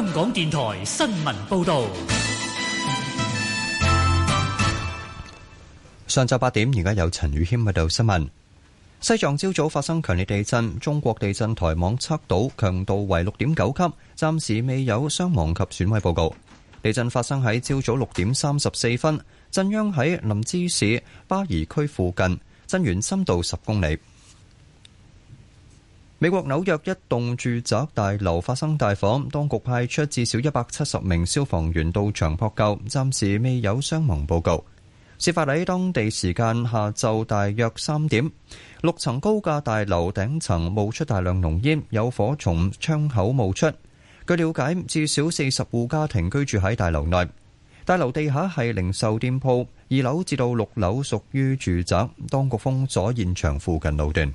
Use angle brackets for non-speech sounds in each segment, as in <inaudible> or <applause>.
香港電台新聞報道：上晝八點，而家有陳宇謙喺度報道新聞。西藏朝早發生強烈地震，中國地震台網測到強度為六點九級，暫時未有傷亡及損毀報告。地震發生喺朝早六點三十四分，震央喺林芝市巴宜區附近，震源深度十公里。美國紐約一棟住宅大樓發生大火，當局派出至少170名消防員到場撲救，暫時未有傷亡報告。事發喺當地時間下晝大約三點,六層高架大樓頂層冒出大量濃煙，有火從窗口冒出。據了解，至少四十戶家庭居住喺大樓內。大樓地下係零售店鋪,二樓至到六樓屬於住宅，當局封鎖現場附近路段。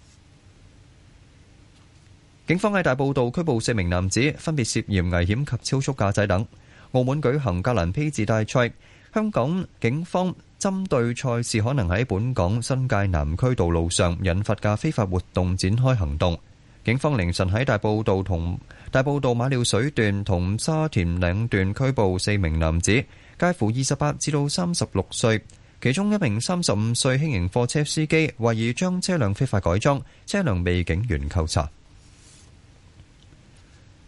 警方喺大埔道拘捕四名男子，分別涉嫌危險及超速駕駛等。澳門舉行格蘭披治大賽，香港警方針對賽事可能喺本港新界南區道路上引發嘅非法活動，展開行動。警方凌晨喺大埔道同大埔道馬料水段同沙田嶺段拘捕四名男子，介乎二十八至到三十六歲，其中一名三十五歲輕型貨車司機懷疑將車輛非法改裝，車輛被警員扣查。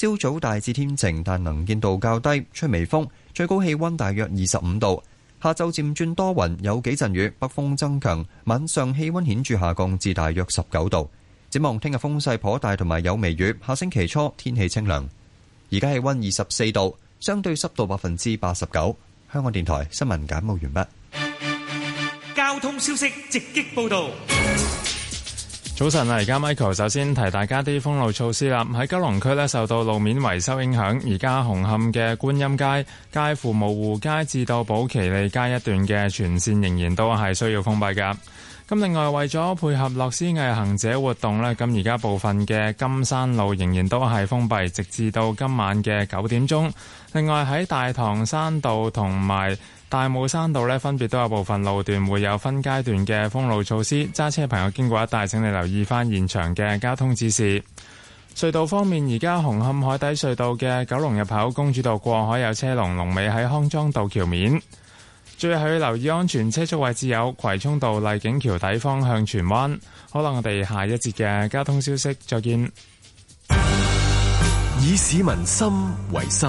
朝早大致天晴，但能見度較低，吹微風，最高氣温大約二十五度。下晝漸轉多雲，有幾陣雨，北風增強。晚上氣温顯著下降至大約十九度。展望聽日風勢頗大，同埋有微雨。下星期初天氣清涼。而家氣温二十四度，相對濕度百分之八十九。香港電台新聞簡報完畢。交通消息直擊報道。早晨啊，而家 Michael 首先提大家啲封路措施啦。喺九龍區咧，受到路面維修影響，而家紅磡嘅觀音街、介乎蕪湖街、至到寶麒利街一段嘅全線仍然都係需要封閉噶。咁另外為咗配合樂施毅行者活動咧，咁而家部分嘅金山路仍然都係封閉，直至到今晚嘅九點鐘。另外喺大棠山道同埋。大帽山道呢，分別都有部分路段會有分階段嘅封路措施，揸車朋友經過一帶，請你留意翻現場嘅交通指示。隧道方面，而家紅磡海底隧道嘅九龍入口公主道過海有車龍，龍尾喺康莊道橋面。最後要留意安全車速位置有葵涌道麗景橋底，方向荃灣。好啦，我哋下一節嘅交通消息再見。以市民心為心。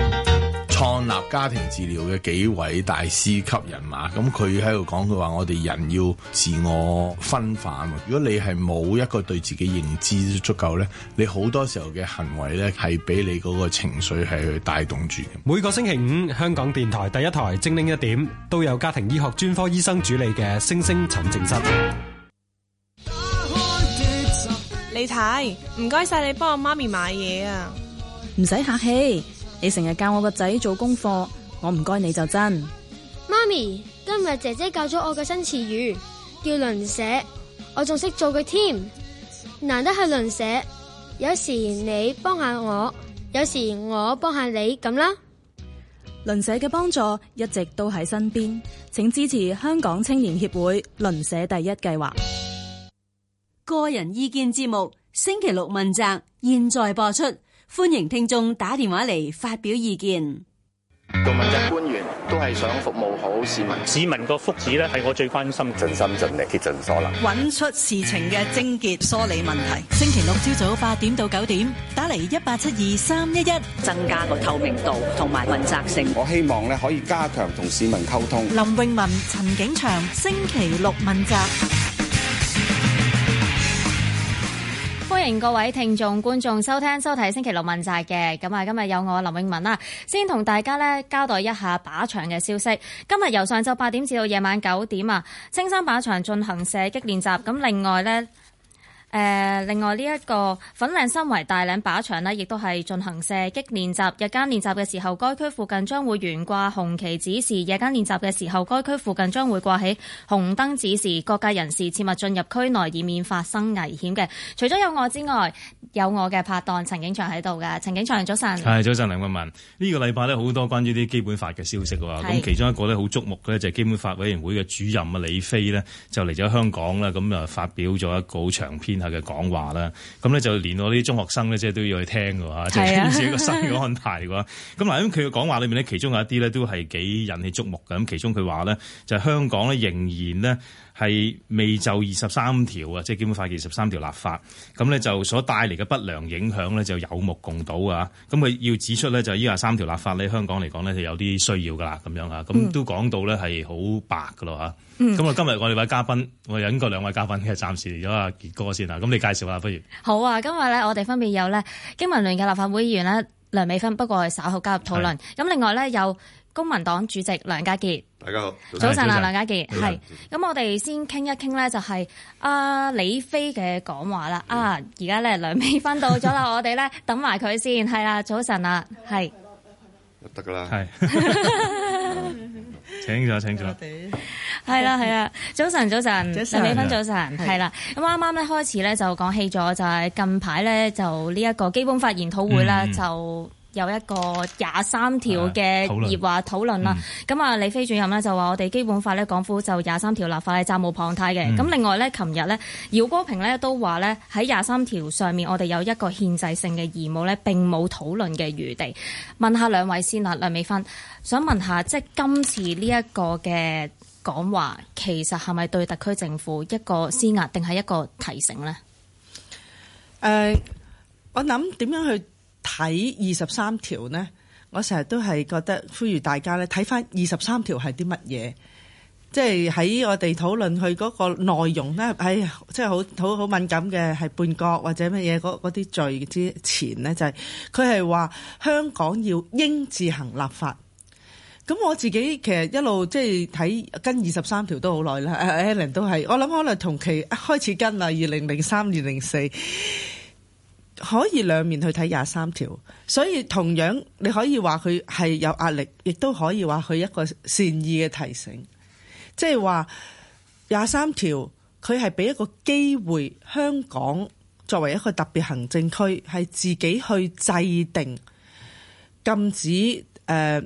創立家庭治療嘅幾位大師級人馬，咁佢喺度講佢話：我哋人要自我分化。如果你係冇一個對自己認知足夠咧，你好多時候嘅行為咧係俾你嗰個情緒係去帶動住。每個星期五，香港電台第一台《精靈一點》都有家庭醫學專科醫生主理嘅星星診症室。李太，唔該晒你幫我媽咪買嘢啊！唔使客氣。你成日教我個仔做功課，我唔該你就真。媽咪，今日姐姐教咗我嘅新詞語叫鄰舍，我仲識做佢添。難得係鄰舍，有時你幫下我，有時我幫下你咁啦。鄰舍嘅幫助一直都喺身邊，請支持香港青年協會鄰舍第一計劃。個人意見節目星期六問責，現在播出。歡迎聽眾打電話嚟發表意見。做問責官員都係想服務好市民，市民個福祉咧，係我最關心，盡心盡力竭盡所能，揾出事情嘅症結，梳理問題。星期六朝早八點到九點，打嚟一八七二三一一，增加個透明度同埋問責性。我希望咧，可以加強同市民溝通。林穎文、陳景祥，星期六問責。歡迎各位聽眾、觀眾收聽、收睇《星期六問責》嘅咁啊，今日有我林永文啦，先同大家咧交代一下靶場嘅消息。今日由上晝八點至到夜晚九點啊，青山靶場進行射擊練習。咁另外咧。誒、呃，另外呢、這、一個粉嶺新圍大嶺靶場呢，亦都係進行射擊練習。日間練習嘅時候，該區附近將會懸掛紅旗指示；夜間練習嘅時候，該區附近將會掛起紅燈指示，各界人士切勿進入區內，以免發生危險嘅。除咗有我之外，有我嘅拍檔陳景祥喺度嘅。陳景祥，早晨。係早晨，梁君文。呢、這個禮拜呢，好多關於啲基本法嘅消息喎。咁的其中一個呢，好矚目嘅就係基本法委員會嘅主任啊李飛呢，就嚟咗香港啦，咁啊發表咗一個長篇下嘅講話啦，咁咧就連我啲中學生咧，即係都要去聽㗎喎，即係自己個新嘅安排㗎喎。咁嗱，咁佢嘅講話裏面咧，其中有一啲咧都係幾引起矚目嘅。咁其中佢話咧，就香港咧仍然咧。係未就二十三條啊，即係基本法二十三條立法，咁呢就所帶嚟嘅不良影響呢就有目共睹啊。咁佢要指出呢，就依二十三條立法呢，香港嚟講呢，就有啲需要噶啦，咁樣啊，咁都講到呢，係好白噶咯吓。咁啊、嗯，今日我哋位嘉賓，我哋引個兩位嘉賓嘅，暫時嚟咗阿傑哥先啊。咁你介紹下不如。好啊，今日呢，我哋分別有呢經民聯嘅立法會議員呢，梁美芬，不過稍後加入討論。咁是另外呢，有公民黨主席梁家傑，大家好，早晨啦，梁家傑。係。咁我哋先傾一傾咧，就係阿李飛嘅講話啦。啊，而家咧，梁美芬到咗啦，我哋咧等埋佢先。係啦，早晨啦，係，得㗎啦，係，請咗，請咗，係啦，係啊，早晨，早晨，梁美芬，早晨，係啦。咁啱啱咧開始咧就講起咗，就係近排咧就呢一個基本法研討會啦，就。有一個廿三條嘅議話、啊、討論啦，咁啊李飛主任呢就話我哋基本法咧，港府就廿三條立法係責無旁貸嘅。咁、嗯、另外呢，琴日呢，饒戈平呢都話呢，喺廿三條上面，我哋有一個憲制性嘅義務呢，並冇討論嘅餘地。問下兩位先啦，梁美芬，想問下，即今次呢一個嘅講話，其實係咪對特區政府一個施壓，定係一個提醒呢？誒、呃，我諗點樣去？睇二十三條呢，我成日都係覺得呼籲大家咧，睇翻二十三條係啲乜嘢，即係喺我哋討論佢嗰個內容呢，哎即係好好好敏感嘅係叛國或者乜嘢嗰啲罪之前呢，就係佢係話香港要應自行立法。咁我自己其實一路即係睇跟二十三條都好耐啦，Alan 都係，我諗可能同期開始跟啦，二零零三二零零四。可以兩面去睇廿三條，所以同樣你可以話佢係有壓力，亦都可以話佢一個善意嘅提醒，即係話廿三條佢係俾一個機會香港作為一個特別行政區，係自己去制定禁止半、呃、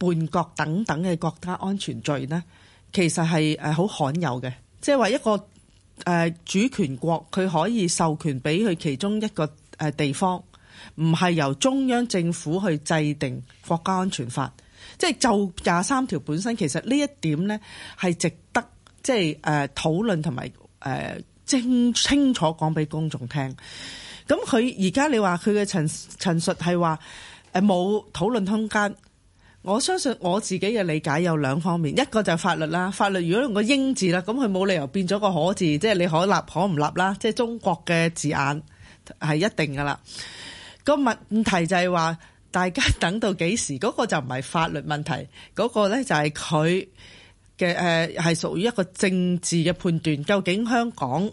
叛國等等嘅國家安全罪。呢其實係誒好罕有嘅，即係話一個。誒主權國佢可以授權俾佢其中一個誒地方，唔係由中央政府去制定國家安全法，即係就廿三條本身，其實呢一點呢係值得即係誒討論同埋誒清清楚講俾公眾聽。咁佢而家你話佢嘅陳陳述係話誒冇討論空間。我相信我自己嘅理解有兩方面，一個就係法律啦。法律如果用個應字啦，咁佢冇理由變咗個可字，即係你可立可唔立啦。即係中國嘅字眼係一定噶啦。個問題就係話大家等到幾時嗰、嗰個就唔係法律問題嗰、嗰個咧就係佢嘅誒，係、呃、屬於一個政治嘅判斷，究竟香港誒、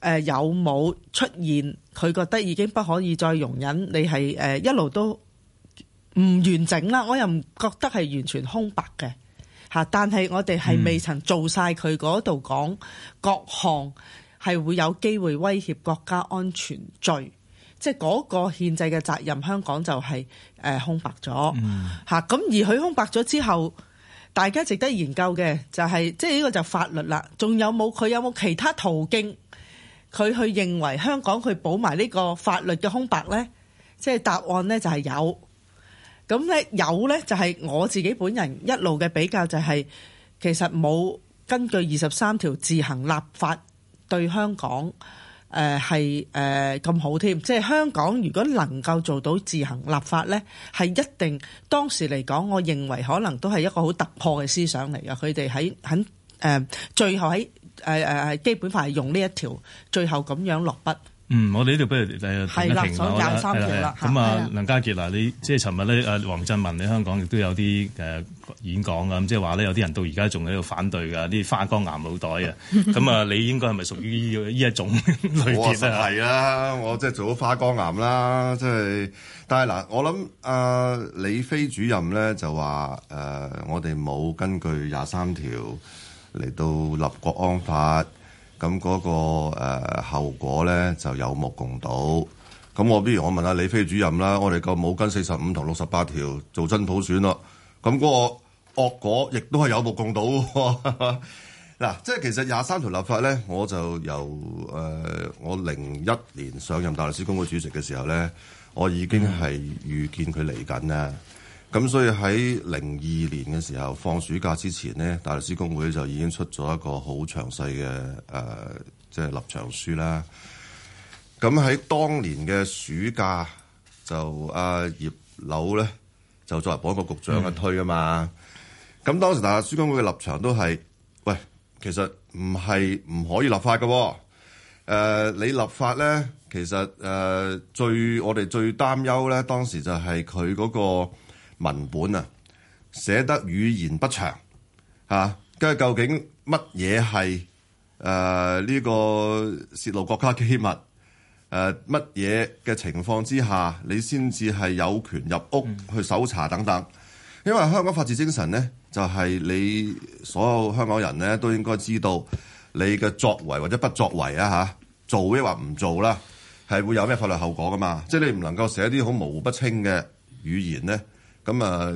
呃、有冇出現，佢覺得已經不可以再容忍？你係誒、呃、一路都。唔完整啦，我又唔覺得係完全空白嘅吓，但係我哋係未曾做晒佢嗰度講各項係會有機會威脅國家安全罪，即係嗰個憲制嘅責任，香港就係、是、誒、呃、空白咗吓，咁、嗯、而佢空白咗之後，大家值得研究嘅就係即係呢個就法律啦，仲有冇佢有冇其他途徑，佢去認為香港佢補埋呢個法律嘅空白咧？即、就、係、是、答案咧就係有。咁咧，有咧就係我自己本人一路嘅比較，就係其實冇根據二十三條自行立法對香港誒係誒咁好添，即係香港如果能夠做到自行立法咧，係一定當時嚟講，我認為可能都係一個好突破嘅思想嚟嘅。佢哋喺喺誒最後喺誒誒誒基本法係用呢一條最後咁樣落筆。嗯，我哋呢度不如誒停一停啦，咁的啊，的梁家傑，嗱，你即係尋日咧，阿、啊、黃振文你香港亦都有啲誒、呃、演講啊。咁即係話咧，有啲人到而家仲喺度反對嘅，啲花崗岩腦袋啊，咁 <laughs> 啊，你應該係咪屬於呢依一種類別咧、啊？我實係啦，我即係做咗花崗岩啦，即、呃、係，但係嗱，我諗阿李飛主任咧就話誒，我哋冇根據廿三條嚟到立國安法。咁嗰、嗰個後、呃、後果咧就有目共睹。咁我不如我問下李飛主任啦。我哋個冇跟四十五同六十八條做真普選咯。咁嗰個惡果亦都係有目共睹。嗱、啊，即係其實廿三條立法咧，我就由、呃、我零一年上任大律師公會主席嘅時候咧，我已經係預見佢嚟緊啦。咁所以喺零二年嘅時候，放暑假之前呢，大律師公會就已經出咗一個好詳細嘅誒，即係立場書啦。咁喺當年嘅暑假，就阿、啊、葉劉咧就作為保安局局長去推、嗯、嘛。咁當時大律師公會嘅立場都係喂，其實唔係唔可以立法嘅、哦。誒、呃，你立法咧，其實誒、呃、最我哋最擔憂咧，當時就係佢嗰個。文本啊，寫得語言不詳啊。跟住究竟乜嘢係誒呢個泄露國家機密誒乜嘢嘅情況之下，你先至係有權入屋去搜查等等。因為香港法治精神咧，就係、是、你所有香港人咧都應該知道你嘅作為或者不作為啊，嚇做抑或唔做啦，係會有咩法律後果㗎嘛？即、就、係、是、你唔能夠寫啲好模糊不清嘅語言咧。咁啊，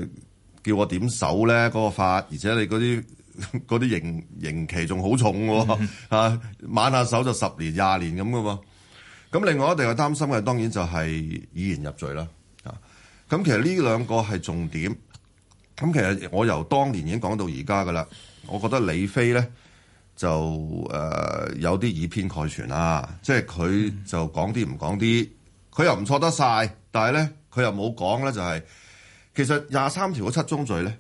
叫我點守咧？嗰、嗰個法，而且你嗰啲嗰啲刑刑期仲好重喎、啊， <laughs> 晚下手就十年、廿年咁㗎喎。咁另外一定係擔心嘅，當然就係以言入罪啦。啊，咁其實呢兩個係重點。咁其實我由當年已經講到而家噶啦，我覺得李飛咧就誒、呃、有啲以偏概全啦、啊，即係佢就講啲唔講啲，佢 <laughs> 又唔錯得晒，但係咧佢又冇講咧就係、是。其實廿三條嘅七宗罪咧，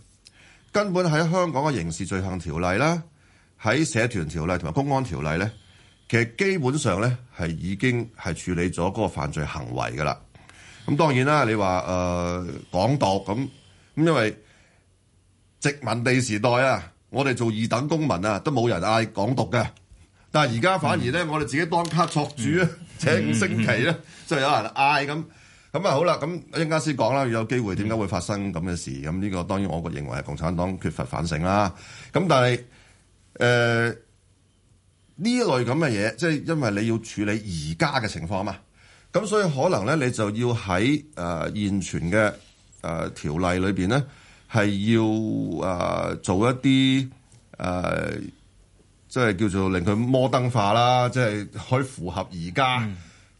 根本喺香港嘅刑事罪行條例啦，喺社團條例同埋公安條例咧，其實基本上咧係已經係處理咗嗰個犯罪行為噶啦。咁當然啦，你話誒、呃、港獨咁咁，因為殖民地時代啊，我哋做二等公民啊，都冇人嗌港獨嘅。但係而家反而咧，嗯、我哋自己當家作主啊，嗯、升五星旗咧，嗯、就有人嗌咁。咁啊，好啦，咁一陣間先講啦，要有機會點解會發生咁嘅事？咁呢個當然我個認為係共產黨缺乏反省啦。咁但係誒呢一類咁嘅嘢，即係因為你要處理而家嘅情況嘛。咁所以可能咧，你就要喺誒、呃、現存嘅誒條例裏邊咧，係要誒、呃、做一啲誒即係叫做令佢摩登化啦，即係可以符合而家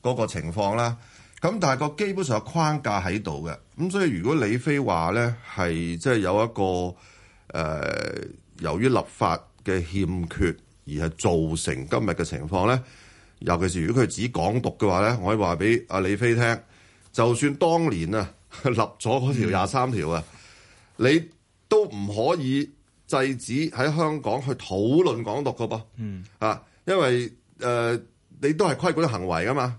嗰個情況啦。嗯咁但係個基本上個框架喺度嘅，咁所以如果李飛話咧係即係有一個誒、呃，由於立法嘅欠缺而係造成今日嘅情況咧，尤其是如果佢指港獨嘅話咧，我可以話俾阿李飛聽，就算當年啊立咗嗰條廿三條啊，嗯、你都唔可以制止喺香港去討論港獨㗎噃，嗯啊，因為誒、呃、你都係規管行為㗎嘛。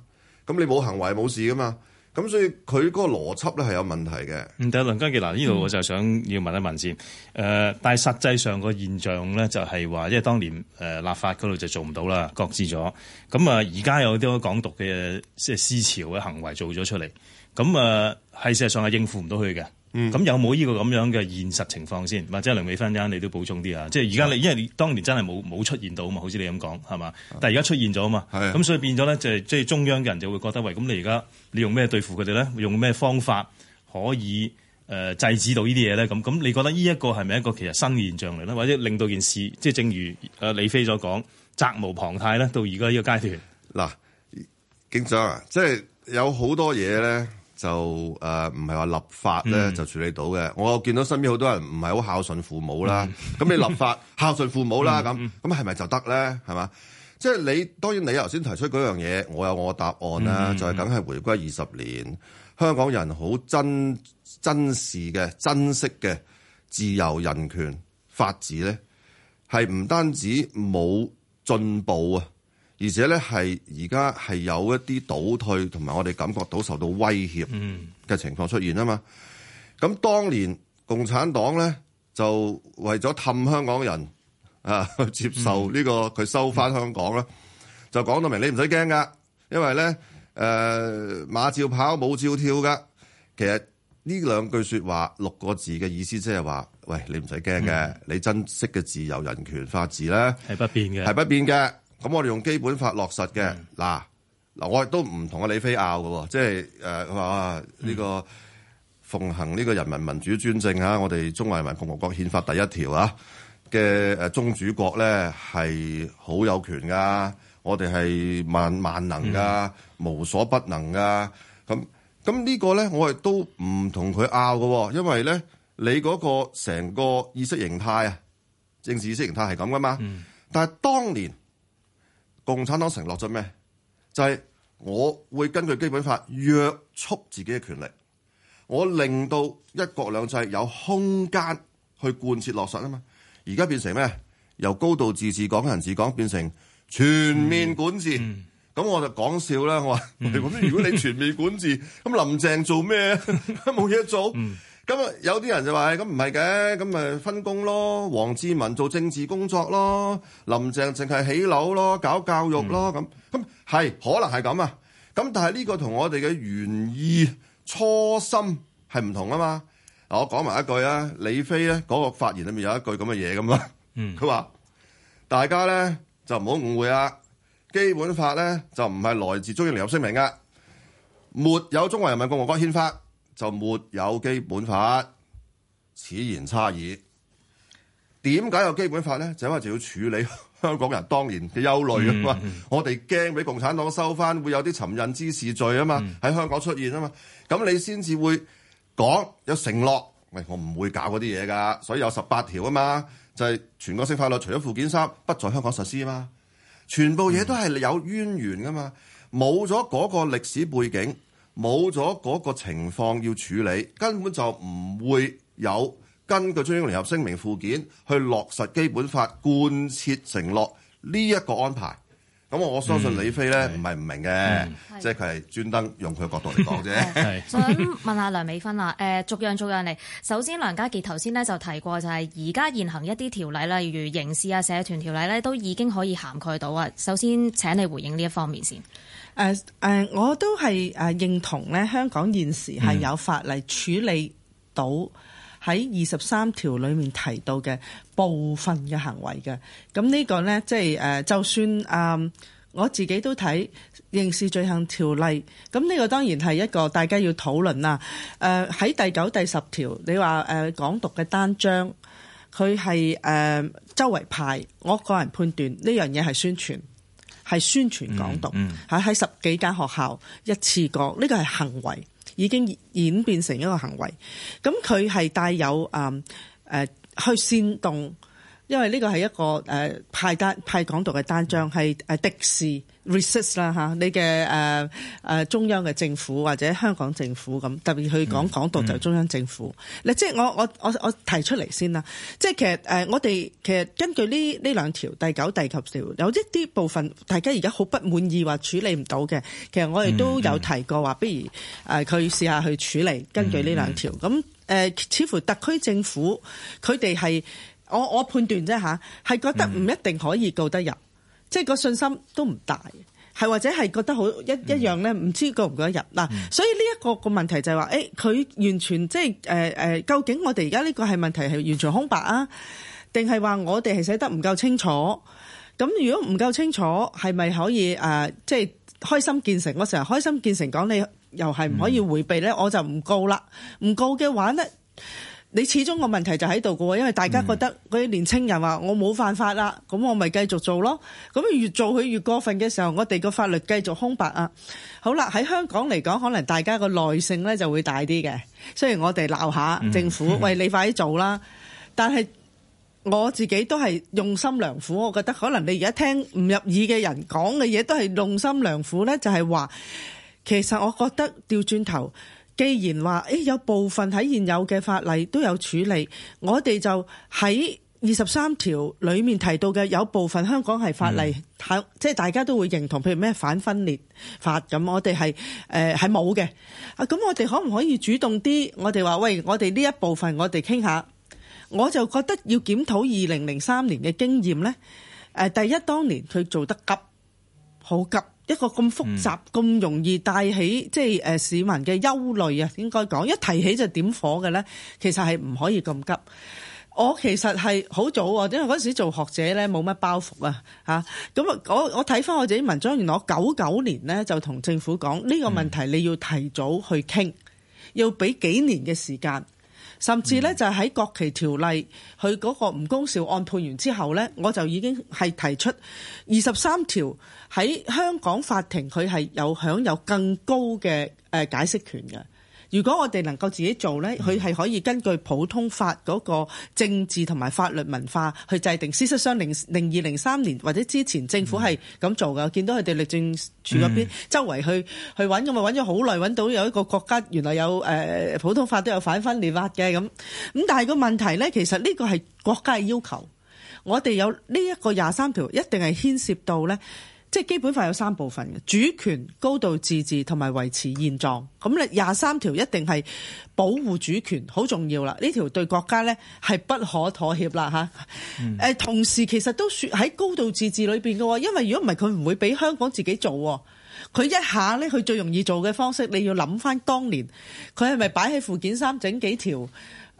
咁你冇行為冇事噶嘛？咁所以佢嗰個邏輯咧係有問題嘅。嗯，第一，梁家傑，嗱呢度我就想要問一問先。誒、呃，但係實際上個現象咧，就係話，因為當年、呃、立法嗰度就做唔到啦，擱置咗。咁啊，而、呃、家有啲港獨嘅即係思潮嘅行為做咗出嚟，咁啊係事實上係應付唔到佢嘅。咁、嗯、有冇呢個咁樣嘅現實情況先？或者梁美芬姐，你都補充啲啊？即係而家你因為你當年真係冇冇出現到嘛？好似你咁講係嘛？但係而家出現咗啊嘛？咁所以變咗咧，就係、即係中央嘅人就會覺得，喂、哎，咁你而家你用咩對付佢哋咧？用咩方法可以、呃、制止到呢啲嘢咧？咁咁，你覺得呢一個係咪一個其實新嘅現象嚟咧？或者令到件事即係正如李飛所講，責無旁貸咧，到而家呢個階段嗱，警長啊，即係有好多嘢咧。就誒唔係話立法咧就處理到嘅，嗯、我見到身邊好多人唔係好孝順父母啦，咁、嗯、你立法孝順父母啦咁，咁係咪就得咧？係嘛？即、就、係、係、你當然你頭先提出嗰樣嘢，我有我嘅答案啦、啊，嗯嗯就係梗係回歸二十年香港人好真真實嘅、珍惜嘅自由、人權、法治咧，係唔單止冇進步啊！而且咧係而家係有一啲倒退，同埋我哋感覺到受到威脅嘅情況出現啊嘛！咁、嗯、當年共產黨咧就為咗氹香港人啊，去接受呢、這個佢收翻香港啦、嗯、就講到明你唔使驚噶，因為咧誒、呃、馬照跑，舞照跳噶。其實呢兩句說話六個字嘅意思，即係話：喂，你唔使驚嘅，嗯、你珍惜嘅自由、人權、法治咧係不變嘅，係不變嘅。咁我哋用基本法落實嘅嗱嗱，我亦都唔同阿李飛拗嘅，即係誒話呢個奉行呢個人民民主專政啊。我哋中華人民共和國憲法第一條啊嘅誒宗主國咧係好有權噶，我哋係萬,萬能噶，嗯、無所不能噶。咁咁呢個咧，我亦都唔同佢拗嘅，因為咧你嗰個成個意識形態啊，政治意識形態係咁噶嘛。嗯、但係當年。共產黨承諾咗咩？就係、是、我會根據基本法約束自己嘅權力，我令到一國兩制有空間去貫徹落實啊嘛。而家變成咩？由高度自治講、港人治港變成全面管治。咁、嗯、我就講笑啦，我話咁，嗯、如果你全面管治，咁、嗯、林鄭做咩？冇 <laughs> 嘢做。嗯咁啊，有啲人就話，咁唔係嘅，咁咪分工咯，王志民做政治工作咯，林鄭淨係起樓咯，搞教育咯，咁，咁係可能係咁啊，咁但係呢個同我哋嘅原意、初心係唔同啊嘛，嗱，我講埋一句啊，李飛咧嗰個發言裏面有一句咁嘅嘢咁啦，嗯，佢話大家咧就唔好誤會啊，基本法咧就唔係來自中英聯合聲明嘅，沒有中華人民共和國憲法。就沒有基本法，此言差矣。點解有基本法咧？就因為就要處理香港人當年嘅憂慮啊嘛。嗯、我哋驚俾共產黨收翻，會有啲尋釁滋事罪啊嘛，喺香港出現啊嘛。咁你先至會講有承諾，喂，我唔會搞嗰啲嘢噶。所以有十八條啊嘛，就係全國性法律，除咗附件三不在香港實施啊嘛。全部嘢都係有淵源噶嘛，冇咗嗰個歷史背景，冇咗嗰個情況要處理，根本就唔會有根據中英聯合聲明附件去落實基本法貫徹承諾呢一個安排。咁我相信李飛呢，唔係唔明嘅，即係佢係專登用佢角度嚟講啫。嗯、想問下梁美芬啦，誒、呃，逐樣逐樣嚟。首先，梁家傑頭先呢就提過，就係而家現行一啲條例啦，例如刑事啊、社團條例呢，都已經可以涵蓋到啊。首先請你回應呢一方面先。誒誒，uh, uh, 我都係誒認同咧，香港現時係有法例處理到喺二十三條裡面提到嘅部分嘅行為嘅。咁呢個咧，即係誒，就係 uh, 就算誒、uh, 我自己都睇刑事罪行條例，咁呢個當然係一個大家要討論啦。誒、uh, 喺第九、第十條，你話誒、uh, 港獨嘅單張，佢係誒周圍派，我個人判斷呢樣嘢係宣傳，係宣傳港獨，喺喺十幾間學校一次過，呢個係行為，已經演變成一個行為。咁佢係帶有誒誒、呃呃、去煽動。因為呢個係一個誒派單派港獨嘅單張，係誒敵視 resist 啦嚇你嘅、呃、中央嘅政府或者香港政府，咁特別去講港獨就中央政府嗱、嗯嗯、即係我我我我提出嚟先啦，即係其實、呃、我哋其實根據呢呢兩條第九、第十條有一啲部分大家而家好不滿意或處理唔到嘅，其實我哋都有提過話、嗯嗯、不如、呃、佢試下去處理根據呢兩條咁，誒似乎特區政府佢哋係。我我判斷啫吓，係覺得唔一定可以告得入，即係個信心都唔大，係或者係覺得好一一樣咧，唔知告唔告得入嗱。所以呢一個個問題就係話，誒佢完全即係誒誒，究竟我哋而家呢個係問題係完全空白啊，定係話我哋係寫得唔夠清楚？咁如果唔夠清楚，係咪可以誒？即係開心見誠，我成日開心見誠講你又係唔可以迴避咧，我就唔告啦。唔告嘅話咧。你始終個問題就喺度嘅喎，因為大家覺得嗰啲年青人話我冇犯法啦，咁我咪繼續做咯。咁越做佢越過分嘅時候，我哋個法律繼續空白啊。好啦，喺香港嚟講，可能大家個耐性咧就會大啲嘅。雖然我哋鬧下政府，喂你快啲做啦。但係我自己都係用心良苦，我覺得可能你而家聽唔入耳嘅人講嘅嘢都係用心良苦咧，就係話其實我覺得掉轉頭。既然話、欸，有部分喺現有嘅法例都有處理，我哋就喺二十三條裡面提到嘅有部分香港係法例，嗯、即係大家都會認同，譬如咩反分裂法咁，我哋係誒係冇嘅。咁、呃、我哋可唔可以主動啲？我哋話喂，我哋呢一部分我哋傾下，我就覺得要檢討二零零三年嘅經驗呢、呃。第一當年佢做得急，好急。一個咁複雜、咁容易帶起即係誒市民嘅憂慮啊，應該講一提起就點火嘅咧，其實係唔可以咁急。我其實係好早，因為嗰時做學者咧冇乜包袱啊嚇。咁我我睇翻我自己文章，原來我九九年咧就同政府講呢個問題，你要提早去傾，要俾幾年嘅時間。甚至咧就係喺國旗條例佢嗰、嗯、個吳恭劭案判完之後咧，我就已經係提出二十三條喺香港法庭佢係有享有更高嘅誒解釋權嘅。如果我哋能夠自己做咧，佢係可以根據普通法嗰個政治同埋法律文化去制定。事實上，零零二零三年或者之前政府係咁做嘅，見到佢哋律政處嗰邊周圍去去揾咁啊，揾咗好耐，揾到有一個國家原來有誒普通法都有反分裂法嘅咁。咁但係個問題咧，其實呢個係國家嘅要求，我哋有呢一個廿三條，一定係牽涉到咧。即係基本法有三部分嘅，主權、高度自治同埋維持現狀。咁你廿三條一定係保護主權，好重要啦！呢條對國家呢係不可妥協啦吓、嗯、同時其實都說喺高度自治裏面嘅喎，因為如果唔係佢唔會俾香港自己做喎。佢一下呢，佢最容易做嘅方式，你要諗翻當年佢係咪擺喺附件三整幾條？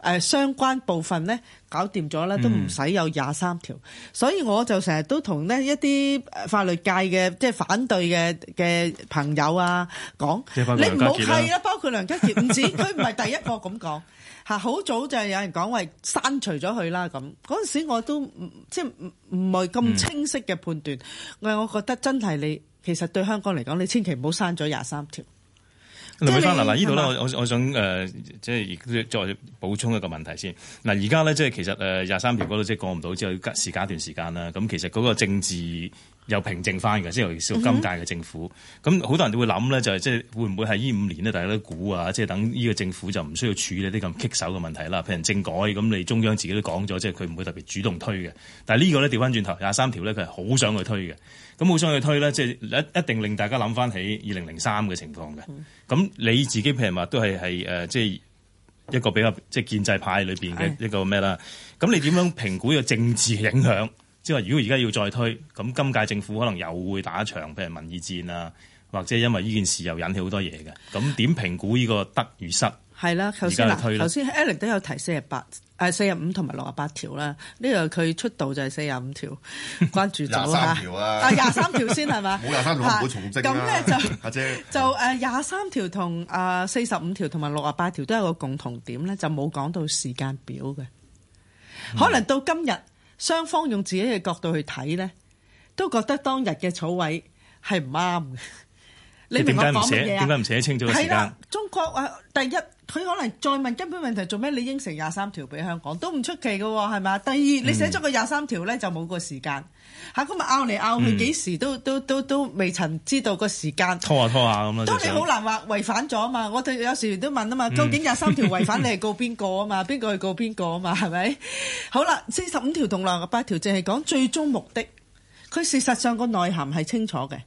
誒、呃、相關部分咧搞掂咗啦，都唔使有廿三條，嗯、所以我就成日都同呢一啲法律界嘅即係反對嘅嘅朋友啊講，你唔好係啦，包括梁家傑，唔 <laughs> 止佢唔係第一個咁講，好 <laughs> 早就係有人講話，刪除咗佢啦咁，嗰陣時我都即係唔唔係咁清晰嘅判斷，嗯、我覺得真係你其實對香港嚟講，你千祈唔好刪咗廿三條。林偉生，嗱嗱，呢度咧嗎，我我我想誒，即、呃、係再補充一個問題先。嗱，而家咧，即係其實誒廿三條嗰度即係過唔到之後，要時間一段時間啦。咁其實嗰個政治，又平靜翻嘅，即係尤其是有今屆嘅政府，咁好、嗯、哼多人都會諗咧，就係即係會唔會係呢五年咧？大家都估啊，即、就、係、是、等呢個政府就唔需要處理啲咁棘手嘅問題啦。譬如政改，咁你中央自己都講咗，即係佢唔會特別主動推嘅。但係呢個咧調翻轉頭廿三條咧，佢係好想去推嘅。咁好想去推咧，即、就、係、是、一一定令大家諗翻起二零零三嘅情況嘅。咁、嗯、你自己譬如話都係係即係一個比較即係、就是、建制派裏面嘅一個咩啦。咁是你點樣評估呢個政治影響？即係如果而家要再推，咁今屆政府可能又會打一場譬如民意戰啊，或者因為呢件事又引起好多嘢嘅，咁點評估呢個得與失？係啦，頭先頭先 Ellen 都有提四十八，誒、呃、四十五同埋六十八條啦，呢、這個佢出道就係四十五條，關注走啊，三條啊，廿三條先係嘛？冇廿三條冇重職啦。咁，咧就阿姐就誒廿三條同啊四十五條同埋六十八條都有個共同點咧，就冇講到時間表嘅。嗯、可能到今日。雙方用自己嘅角度去睇咧，都覺得當日嘅草委係唔啱嘅。你點解唔寫？點解唔寫清楚啲㗎、啊？中國啊，第一。佢可能再問根本問題做咩？你應承廿三條俾香港都唔出奇嘅喎，係咪？第二你寫咗個廿三條咧就冇個時間，嚇咁咪拗嚟拗去幾時都都都都未曾知道個時間拖下拖下咁樣！當你好難話違反咗啊嘛，我哋有時都問啊嘛，究竟廿三條違反你係告邊個啊嘛？邊個去告邊個啊嘛？係咪？好啦，四十五條同六十八條淨係講最終目的，佢事實上個內涵係清楚嘅。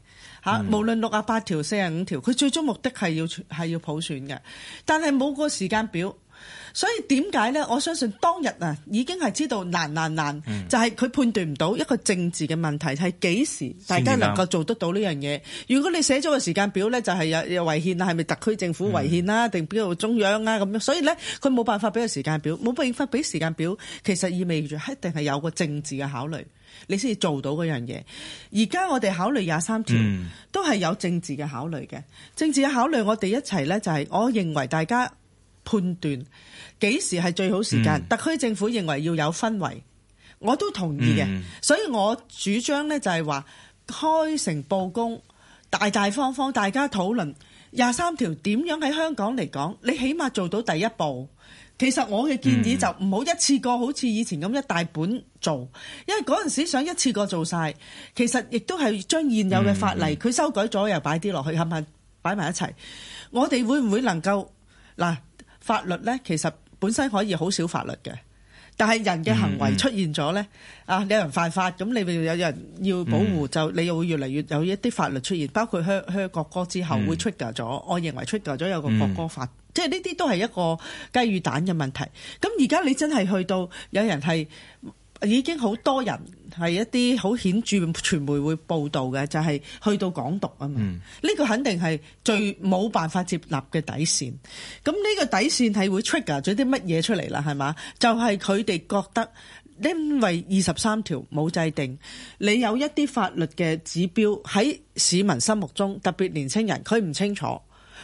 無無論六啊八條、四啊五條，佢最終目的係要係要普選嘅，但係冇個時間表。所以點解咧？我相信當日啊，已經係知道難難難，嗯、就係佢判斷唔到一個政治嘅問題係幾、就是、時大家能夠做得到呢樣嘢。如果你寫咗個時間表咧，就係、是、有又違憲啦，係咪特區政府違憲啦，定邊度中央啊咁樣？所以咧，佢冇辦法俾個時間表，冇辦法俾時間表，其實意味住一定係有個政治嘅考慮，你先至做到嗰樣嘢。而家我哋考慮廿三條、嗯、都係有政治嘅考慮嘅，政治嘅考慮我哋一齊咧就係、是，我認為大家判斷。幾時係最好時間？嗯、特區政府認為要有氛圍，我都同意嘅。嗯、所以我主張呢，就係話開誠布公，大大方方，大家討論廿三條點樣喺香港嚟講，你起碼做到第一步。其實我嘅建議就唔好一次過、嗯、好似以前咁一大本做，因為嗰陣時想一次過做晒。其實亦都係將現有嘅法例佢、嗯嗯、修改咗，又擺啲落去，係咪？擺埋一齊。我哋會唔會能夠嗱法律呢，其實本身可以好少法律嘅，但係人嘅行為出現咗咧，mm hmm. 啊有人犯法，咁你咪有人要保護，mm hmm. 就你又會越嚟越有一啲法律出現，包括哼哼國歌之後會 trigger 咗，mm hmm. 我認為 trigger 咗有個國歌法，mm hmm. 即係呢啲都係一個雞與蛋嘅問題，咁而家你真係去到有人係已經好多人。係一啲好顯著，傳媒會報道嘅，就係、是、去到港獨啊嘛。呢、嗯、個肯定係最冇辦法接納嘅底線。咁呢個底線係會 trigger 咗啲乜嘢出嚟啦？係嘛？就係佢哋覺得，因為二十三條冇制定，你有一啲法律嘅指標喺市民心目中，特別年輕人，佢唔清楚，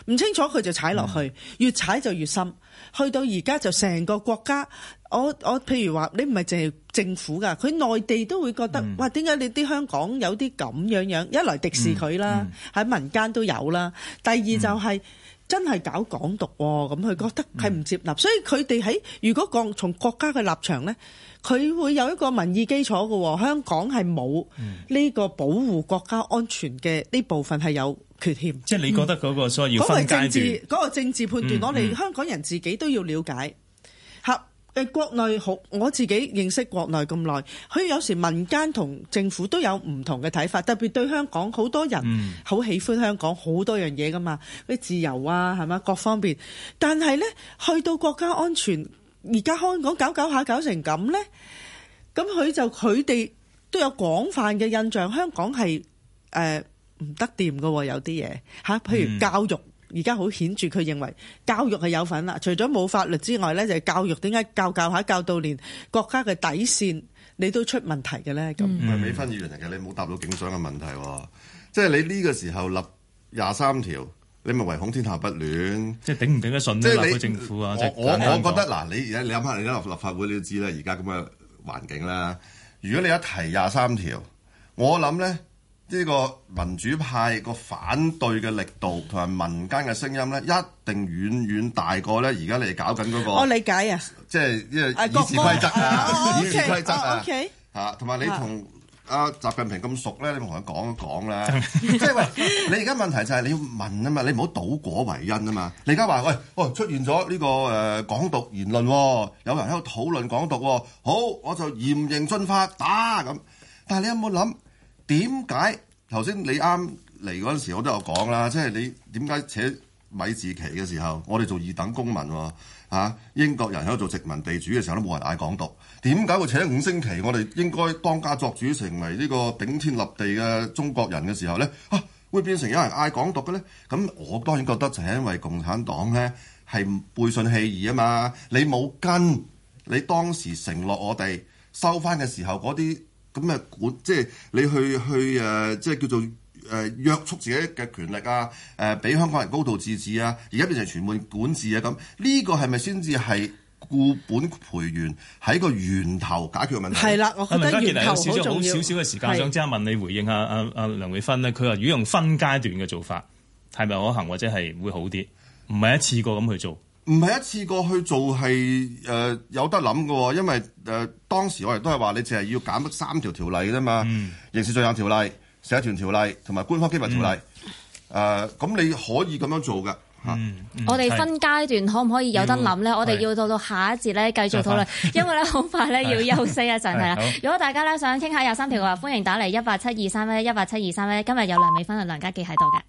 唔清楚佢就踩落去，越踩就越深，去到而家就成個國家。我我譬如話，你唔係淨係政府噶，佢內地都會覺得哇，點解你啲香港有啲咁樣樣？一來敵視佢啦，喺民間都有啦。第二就係真係搞港獨喎，咁佢覺得係唔接納。所以佢哋喺如果講從國家嘅立場咧，佢會有一個民意基礎嘅。香港係冇呢個保護國家安全嘅呢部分係有缺欠。即係你覺得嗰個所謂要分階段。嗰個政治嗰個政治判斷，我哋香港人自己都要了解。好。誒國內好，我自己認識國內咁耐，佢有時民間同政府都有唔同嘅睇法，特別對香港，好多人好喜歡香港，好多樣嘢噶嘛，咩自由啊，係嘛？各方面，但係呢，去到國家安全，而家香港搞搞下搞成咁呢，咁佢就佢哋都有廣泛嘅印象，香港係誒唔得掂噶，有啲嘢吓，譬如教育。而家好顯著，佢認為教育係有份啦、啊。除咗冇法律之外咧，就係、是、教育點解教教下教到連國家嘅底線你都出問題嘅咧？咁唔係美芬議員嚟嘅，你冇答到警長嘅問題、哦。即係你呢個時候立廿三條，你咪唯恐天下不亂，即係頂唔頂得順即立法政府啊，即係我我，我覺得嗱，你而家你諗下，你而家立法會你都知啦，而家咁嘅環境啦。如果你一提廿三條，我諗咧。呢個民主派個反對嘅力度同埋民間嘅聲音咧，一定遠遠大過咧。而家你搞緊嗰、那個，我理解啊，即係因為議事規則啊，議事規則啊，嚇，同埋你同阿習近平咁熟咧，你同佢講一講啦。即係 <laughs> 喂，你而家問題就係你要問啊嘛，你唔好倒果為因啊嘛。你而家話喂，哦出現咗呢、這個誒、呃、港獨言論、哦，有人喺度討論港獨、哦，好我就嚴刑峻法打咁。但係你有冇諗？點解頭先你啱嚟嗰陣時候我也有說，我都有講啦，即係你點解扯米字旗嘅時候，我哋做二等公民喎、啊啊？英國人喺度做殖民地主嘅時候都冇人嗌港獨，點解會扯五星旗？我哋應該當家作主，成為呢個頂天立地嘅中國人嘅時候呢，嚇、啊、會變成有人嗌港獨嘅呢？咁我當然覺得就係因為共產黨呢係背信棄義啊嘛，你冇跟你當時承諾我哋收翻嘅時候嗰啲。咁咩管即係你去去誒，即係叫做誒約束自己嘅權力啊，誒俾香港人高度自治啊，而家變成全面管治啊，咁呢個係咪先至係固本培元，喺個源頭解決問題？係啦，我覺得源頭好重要。係。仲有少少少少嘅時間，我想即刻問你回應下阿阿梁美芬呢，佢話如果用分階段嘅做法，係咪可行，或者係會好啲？唔係一次過咁去做。唔係一次過去做係誒、呃、有得諗嘅喎，因為誒、呃、當時我哋都係話你淨係要揀得三條條例啫嘛，嗯、刑事罪行條例、社團條例同埋官方機密條例誒，咁、嗯呃、你可以咁樣做嘅嚇。我哋分階段可唔可以有得諗咧？我哋要到到下一節咧繼續討論，因為咧好快咧要休息一陣係啦。 <laughs> 如果大家咧想傾下廿三條嘅話，歡迎打嚟一八七二三一，一八七二三一。今日有梁美芬同梁家傑喺度嘅。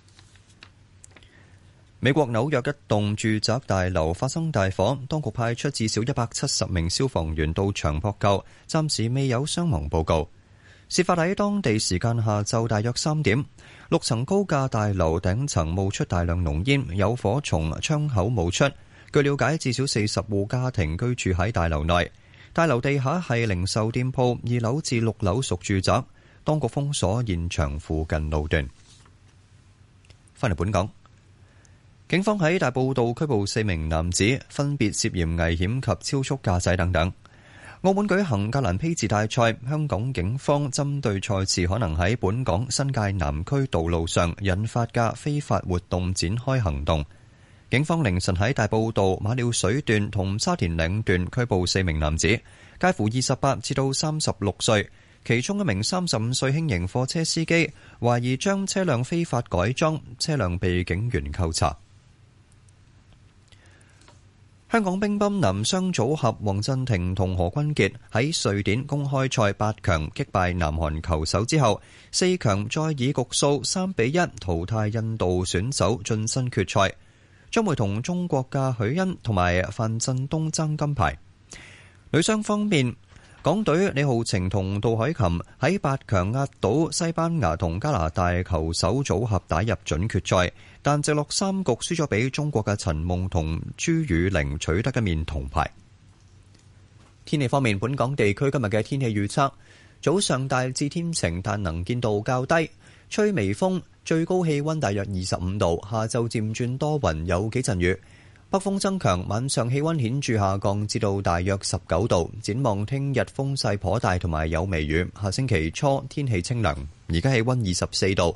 美國紐約一棟住宅大樓發生大火，當局派出至少一百七十名消防員到場撲救，暫時未有傷亡報告。事發喺當地時間下晝大約三點，六層高架大樓頂層冒出大量濃煙，有火從窗口冒出。據了解，至少四十戶家庭居住喺大樓內，大樓地下係零售店鋪，二樓至六樓屬住宅。當局封鎖現場附近路段。翻嚟本港。警方喺大埔道拘捕四名男子，分別涉嫌危險及超速駕駛等等。澳門舉行格蘭披治大賽，香港警方針對賽事可能喺本港新界南區道路上引發嘅非法活動，展開行動。警方凌晨喺大埔道馬料水段同沙田嶺段拘捕四名男子，介乎二十八至到三十六歲，其中一名三十五歲輕型貨車司機，懷疑將車輛非法改裝，車輛被警員扣查。香港乒乓男雙組合黃鎮廷同何鈞傑喺瑞典公開賽八強擊敗南韓球手之後，四強再以局數三比一淘汰印度選手晉身決賽，將會同中國嘅許昕同埋樊振東爭金牌。女雙方面，港隊李皓晴同杜海琴喺八強壓倒西班牙同加拿大球手組合打入準決賽但直落三局輸咗俾中國嘅陳夢同朱雨玲取得一面銅牌。天氣方面，本港地區今日嘅天氣預測：早上大致天晴，但能見度較低，吹微風，最高氣温大約二十五度。下晝漸轉多雲，有幾陣雨，北風增強。晚上氣温顯著下降，至到大約十九度。展望聽日風勢頗大，同埋有微雨。下星期初天氣清涼，而家氣温二十四度。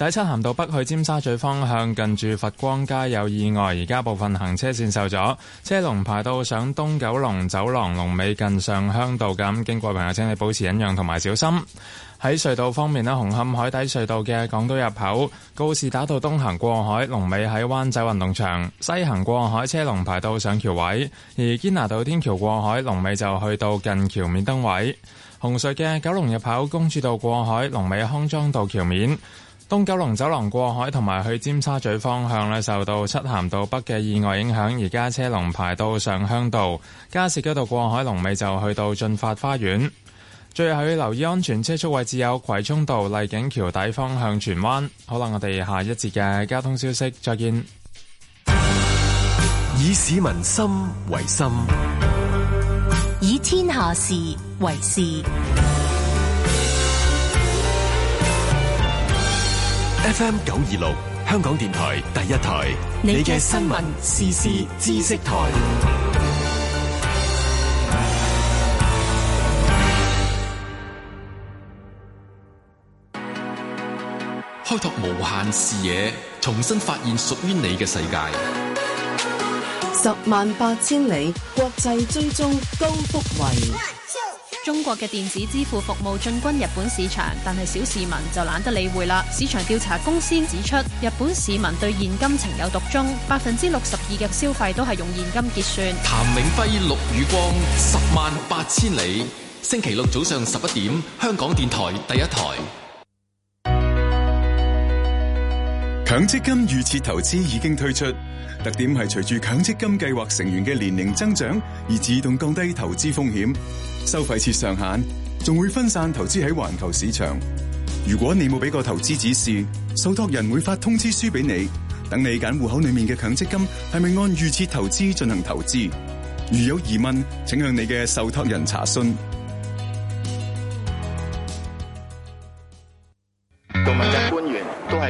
喺漆咸道北去尖沙咀方向，近住佛光街有意外，而家部分行車線受阻，車龍排到上東九龍走廊龍尾近上鄉道咁。經過朋友，請你保持忍讓同埋小心。喺隧道方面呢，紅磡海底隧道嘅港島入口告士打道東行過海龍尾喺灣仔運動場，西行過海車龍排到上橋位；而堅拿道天橋過海龍尾就去到近橋面燈位。紅隧嘅九龍入口公主道過海龍尾康莊道橋面。東九龍走廊過海同埋去尖沙咀方向受到漆咸道北嘅意外影響，而家車龍排到上鄉道，加士居道過海龍尾就去到駿發花園。最後要留意安全車速位置，有葵涌道麗景橋底方向，荃灣。好啦，我哋下一節嘅交通消息，再見。以市民心為心，以天下事為事。FM 九二六，香港電台第一台，你嘅新聞時事知識台，開拓無限視野，重新發現屬於你嘅世界。十萬八千里，國際追蹤高福慧。中國嘅電子支付服務進軍日本市場，但係小市民就懶得理會啦。市場調查公司先指出，日本市民對現金情有獨鍾，百分之六十二嘅消費都係用現金結算。譚永輝、陸宇光，十萬八千里，星期六早上十一點，香港電台第一台。強積金預設投資已經推出，特點係隨住強積金計劃成員嘅年齡增長，而自動降低投資風險。收費設上限，仲會分散投資喺環球市場。如果你冇俾個投資指示，受託人會發通知書俾你，等你揀戶口裏面嘅強積金係咪按預設投資進行投資。如有疑問，請向你嘅受託人查詢。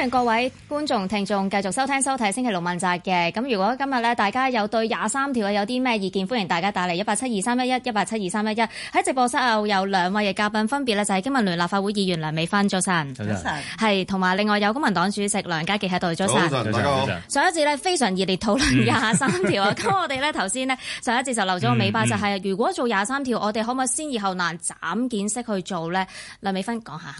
歡迎各位觀眾、聽眾繼續收聽、收睇星期六問責嘅咁。如果今日咧，大家有對廿三條嘅有啲咩意見，歡迎大家打嚟一八七二三一一一八七二三一一，喺直播室啊。有兩位嘅嘉賓，分別咧就係經民聯立法會議員梁美芬，早晨，早晨，係，同埋另外有公民黨主席梁家傑喺度，早晨，大家好。上一節咧非常熱烈討論廿三條啊，咁我哋咧頭先呢，上一節就留咗個尾巴，嗯嗯、就係如果做廿三條，我哋可唔可以先易後難斬件式去做呢？梁美芬講下。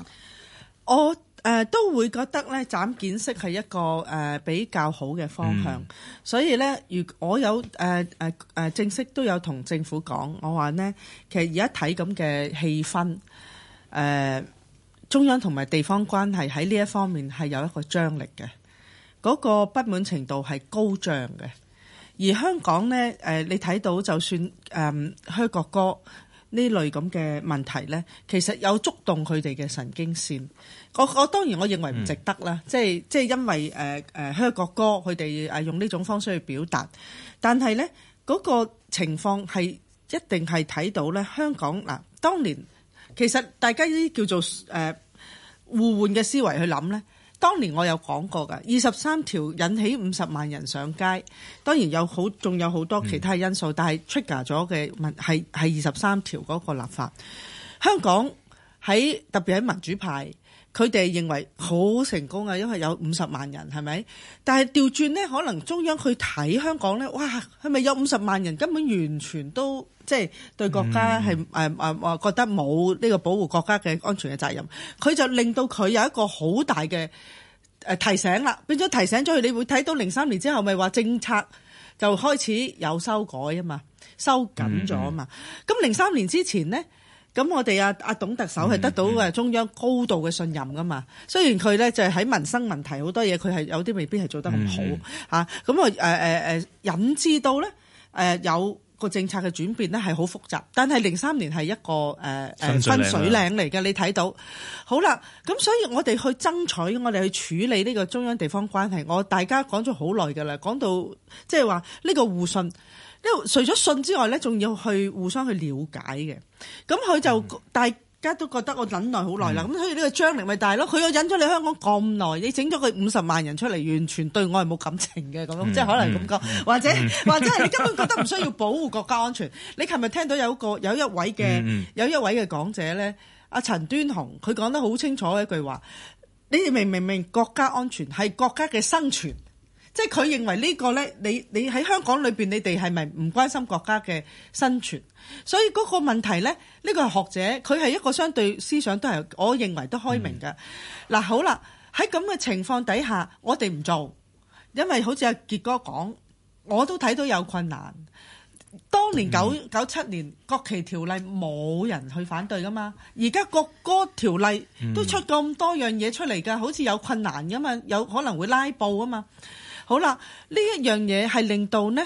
我。誒、呃、都會覺得咧斬件式係一個誒、呃、比較好嘅方向，嗯、所以咧，如果我有誒誒、呃呃、正式都有同政府講，我話咧，其實而家睇咁嘅氣氛，誒、呃、中央同埋地方關係喺呢一方面係有一個張力嘅，嗰、那個不滿程度係高漲嘅，而香港咧誒、呃、你睇到就算誒噓、呃、國歌。呢類咁嘅問題咧，其實有觸動佢哋嘅神經線。我我當然我認為唔值得啦，即係即係因為誒誒香港歌佢哋誒用呢種方式去表達，但係咧嗰個情況係一定係睇到咧香港嗱，當年其實大家呢啲叫做誒互換嘅思維去諗咧。當年我有講過嘅，二十三條引起五十萬人上街，當然有好，仲有好多其他因素，但係 trigger 咗嘅問係係二十三條嗰個立法，香港喺特別喺民主派。佢哋認為好成功啊，因為有五十萬人，係咪？但係調轉呢，可能中央去睇香港呢，哇！係咪有五十萬人，根本完全都即係、就是、對國家係誒誒覺得冇呢個保護國家嘅安全嘅責任。佢就令到佢有一個好大嘅、呃、提醒啦，變咗提醒咗佢。你會睇到零三年之後，咪話政策就開始有修改啊嘛，修緊咗啊嘛。咁零三年之前呢？咁我哋阿阿董特首係得到誒中央高度嘅信任㗎嘛，雖然佢咧就係、是、喺民生問題好多嘢佢係有啲未必係做得咁好嚇，咁、嗯嗯嗯嗯、啊誒誒誒引致到咧誒有個政策嘅轉變咧係好複雜，但係零三年係一個誒誒分水嶺嚟、啊、嘅，你睇到、嗯、好啦，咁所以我哋去爭取我哋去處理呢個中央地方關係，我大家講咗好耐㗎啦，講到即係話呢個互信。因為除咗信之外咧，仲要去互相去了解嘅，咁佢就大家都覺得我忍耐好耐啦，咁所以呢個張力咪大咯。佢又忍咗你香港咁耐，你整咗佢五十萬人出嚟，完全對我係冇感情嘅，咁樣即係可能咁講，或者或者係你根本覺得唔需要保護國家安全。你琴日聽到有個有一位嘅有一位嘅講者咧，阿陳端雄，佢講得好清楚一句話，你哋明唔明？明國家安全係國家嘅生存。即係佢認為呢個呢，你你喺香港裏面，你哋係咪唔關心國家嘅生存？所以嗰個問題呢，呢個係學者，佢係一個相對思想，都係我認為都開明嘅。嗱、嗯啊，好啦，喺咁嘅情況底下，我哋唔做，因為好似阿傑哥講，我都睇到有困難。當年九九七年、嗯、國旗條例冇人去反對噶嘛，而家國歌條例都出咁多樣嘢出嚟㗎，嗯、好似有困難㗎嘛，有可能會拉布啊嘛。好啦，呢一樣嘢係令到呢，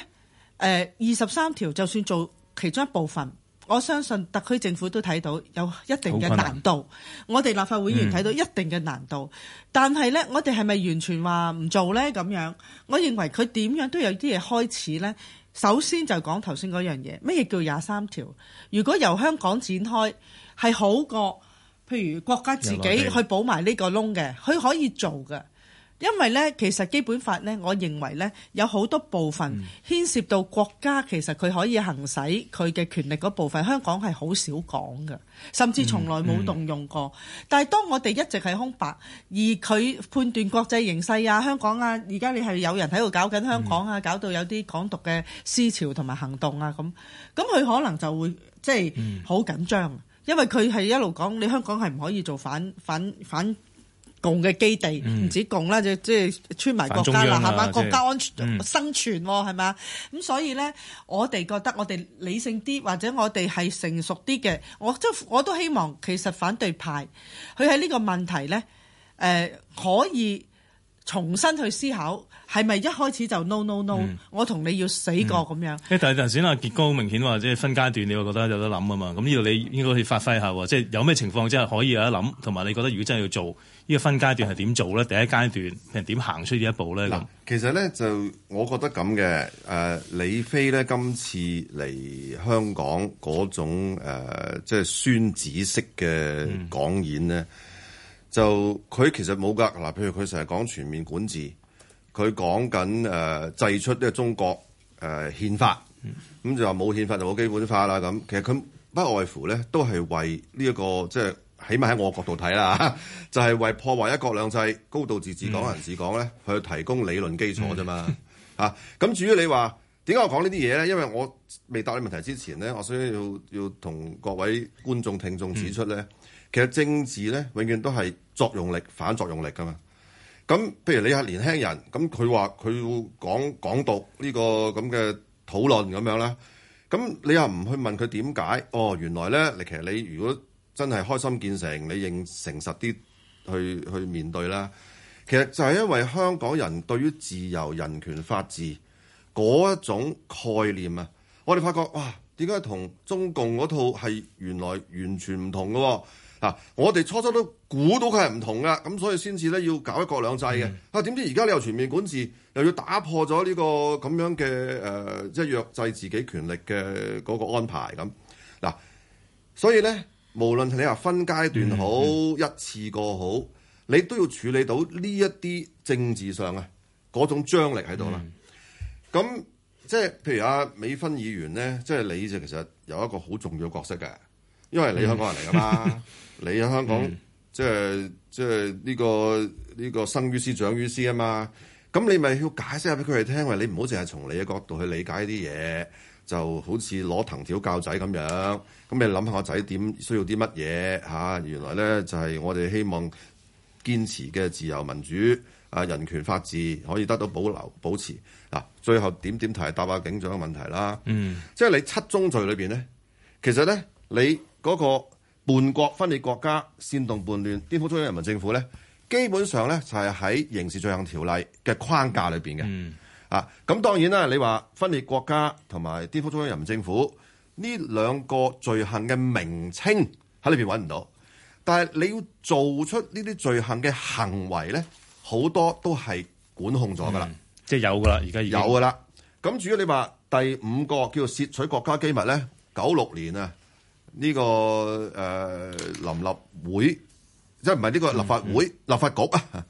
誒二十三條就算做其中一部分，我相信特區政府都睇到有一定嘅難度，難我哋立法會議員睇到一定嘅難度。嗯、但係呢，我哋係咪完全話唔做呢？咁樣，我認為佢點樣都有啲嘢開始呢。首先就講頭先嗰樣嘢，咩叫廿三條？如果由香港展開，係好過譬如國家自己去補埋呢個窿嘅，佢可以做嘅。因為咧，其實基本法咧，我認為咧，有好多部分牽涉到國家，其實佢可以行使佢嘅權力嗰部分，香港係好少講嘅，甚至從來冇動用過。嗯嗯、但係當我哋一直係空白，而佢判斷國際形勢啊、香港啊，而家你係有人喺度搞緊香港啊，嗯、搞到有啲港獨嘅思潮同埋行動啊咁，咁佢可能就會即係好緊張，就是緊張嗯、因為佢係一路講你香港係唔可以做反反反。反共嘅基地唔、嗯、止共啦，即即係穿埋國家啦，係嘛、啊？國家安全、嗯、生存喎、哦，係嘛？咁所以咧，我哋覺得我哋理性啲，或者我哋係成熟啲嘅。我即我都希望其實反對派佢喺呢個問題咧，誒、呃、可以重新去思考係咪一開始就 no no no、嗯、我同你要死過咁、嗯嗯、樣。但係頭先阿杰哥好明顯話，即係、嗯、分階段，你會覺得有得諗啊嘛？咁呢度你應該去發揮下喎，即係有咩情況即係可以有得諗，同埋你覺得如果真係要做。呢個分階段係點做咧？第一階段，係點行出呢一步咧？咁其實咧，就我覺得咁嘅誒，李飛咧今次嚟香港嗰種、呃、即係孫子式嘅講演咧，嗯、就佢其實冇格嗱，譬如佢成日講全面管治，佢講緊誒制出呢個中國誒、呃、憲法，咁、嗯、就話冇憲法就冇基本法啦咁。其實佢不外乎咧，都係為呢、這、一個即係。起碼喺我角度睇啦，就係、是、為破壞一國兩制、高度自治港人治港咧，嗯、去提供理論基礎啫嘛。嗯、啊，咁至於你話點解我講呢啲嘢咧？因為我未答你問題之前咧，我需要要同各位觀眾聽眾指出咧，嗯、其實政治咧永遠都係作用力反作用力噶嘛。咁譬如你係年輕人，咁佢話佢要講港獨呢、這個咁嘅討論咁樣啦，咁你又唔去問佢點解？哦，原來咧，你其實你如果……真係開心見成，你認誠實啲去去面對啦。其實就係因為香港人對於自由、人權、法治嗰一種概念啊，我哋發覺哇，點解同中共嗰套係原來完全唔同嘅、啊？嗱、啊，我哋初初都估到佢係唔同㗎，咁所以先至咧要搞一國兩制嘅。嗯、啊，點知而家你又全面管治，又要打破咗呢、呢個咁樣嘅誒，即、呃、係、就是、約制自己權力嘅嗰個安排咁嗱、啊，所以呢。無論你話分階段好，嗯嗯、一次過好，你都要處理到呢一啲政治上啊嗰種張力喺度啦。咁即係譬如阿美芬議員咧，即係你就其實有一個好重要嘅角色嘅，因為你香港人嚟噶嘛，嗯、你喺香港即係即係呢個呢、呢個生於斯長於斯啊嘛。咁你咪要解釋下俾佢哋聽，話你唔好淨係從你嘅角度去理解啲嘢。就好似攞藤條教仔咁樣，咁你諗下個仔點需要啲乜嘢嚇？原來咧就係、是、我哋希望堅持嘅自由民主、啊人權法治可以得到保留保持、啊。最後點點題答下警長嘅問題啦。嗯，即係你七宗罪裏面咧，其實咧你嗰個叛國分裂國家、煽動叛亂、顛覆中央人民政府咧，基本上咧就係、是、喺刑事罪行條例嘅框架裏面嘅。嗯。咁、啊、當然啦，你話分裂國家同埋顛覆中央人民政府呢兩個罪行嘅名稱喺裏邊揾唔到，但係你要做出呢啲罪行嘅行為咧，好多都係管控咗噶啦，即係有噶啦，而家有噶啦。咁主要你話第五個叫做竊取國家機密咧，九六年啊，呢、呢個誒、呃、林立會即係唔係呢個立法會、嗯嗯、立法局啊，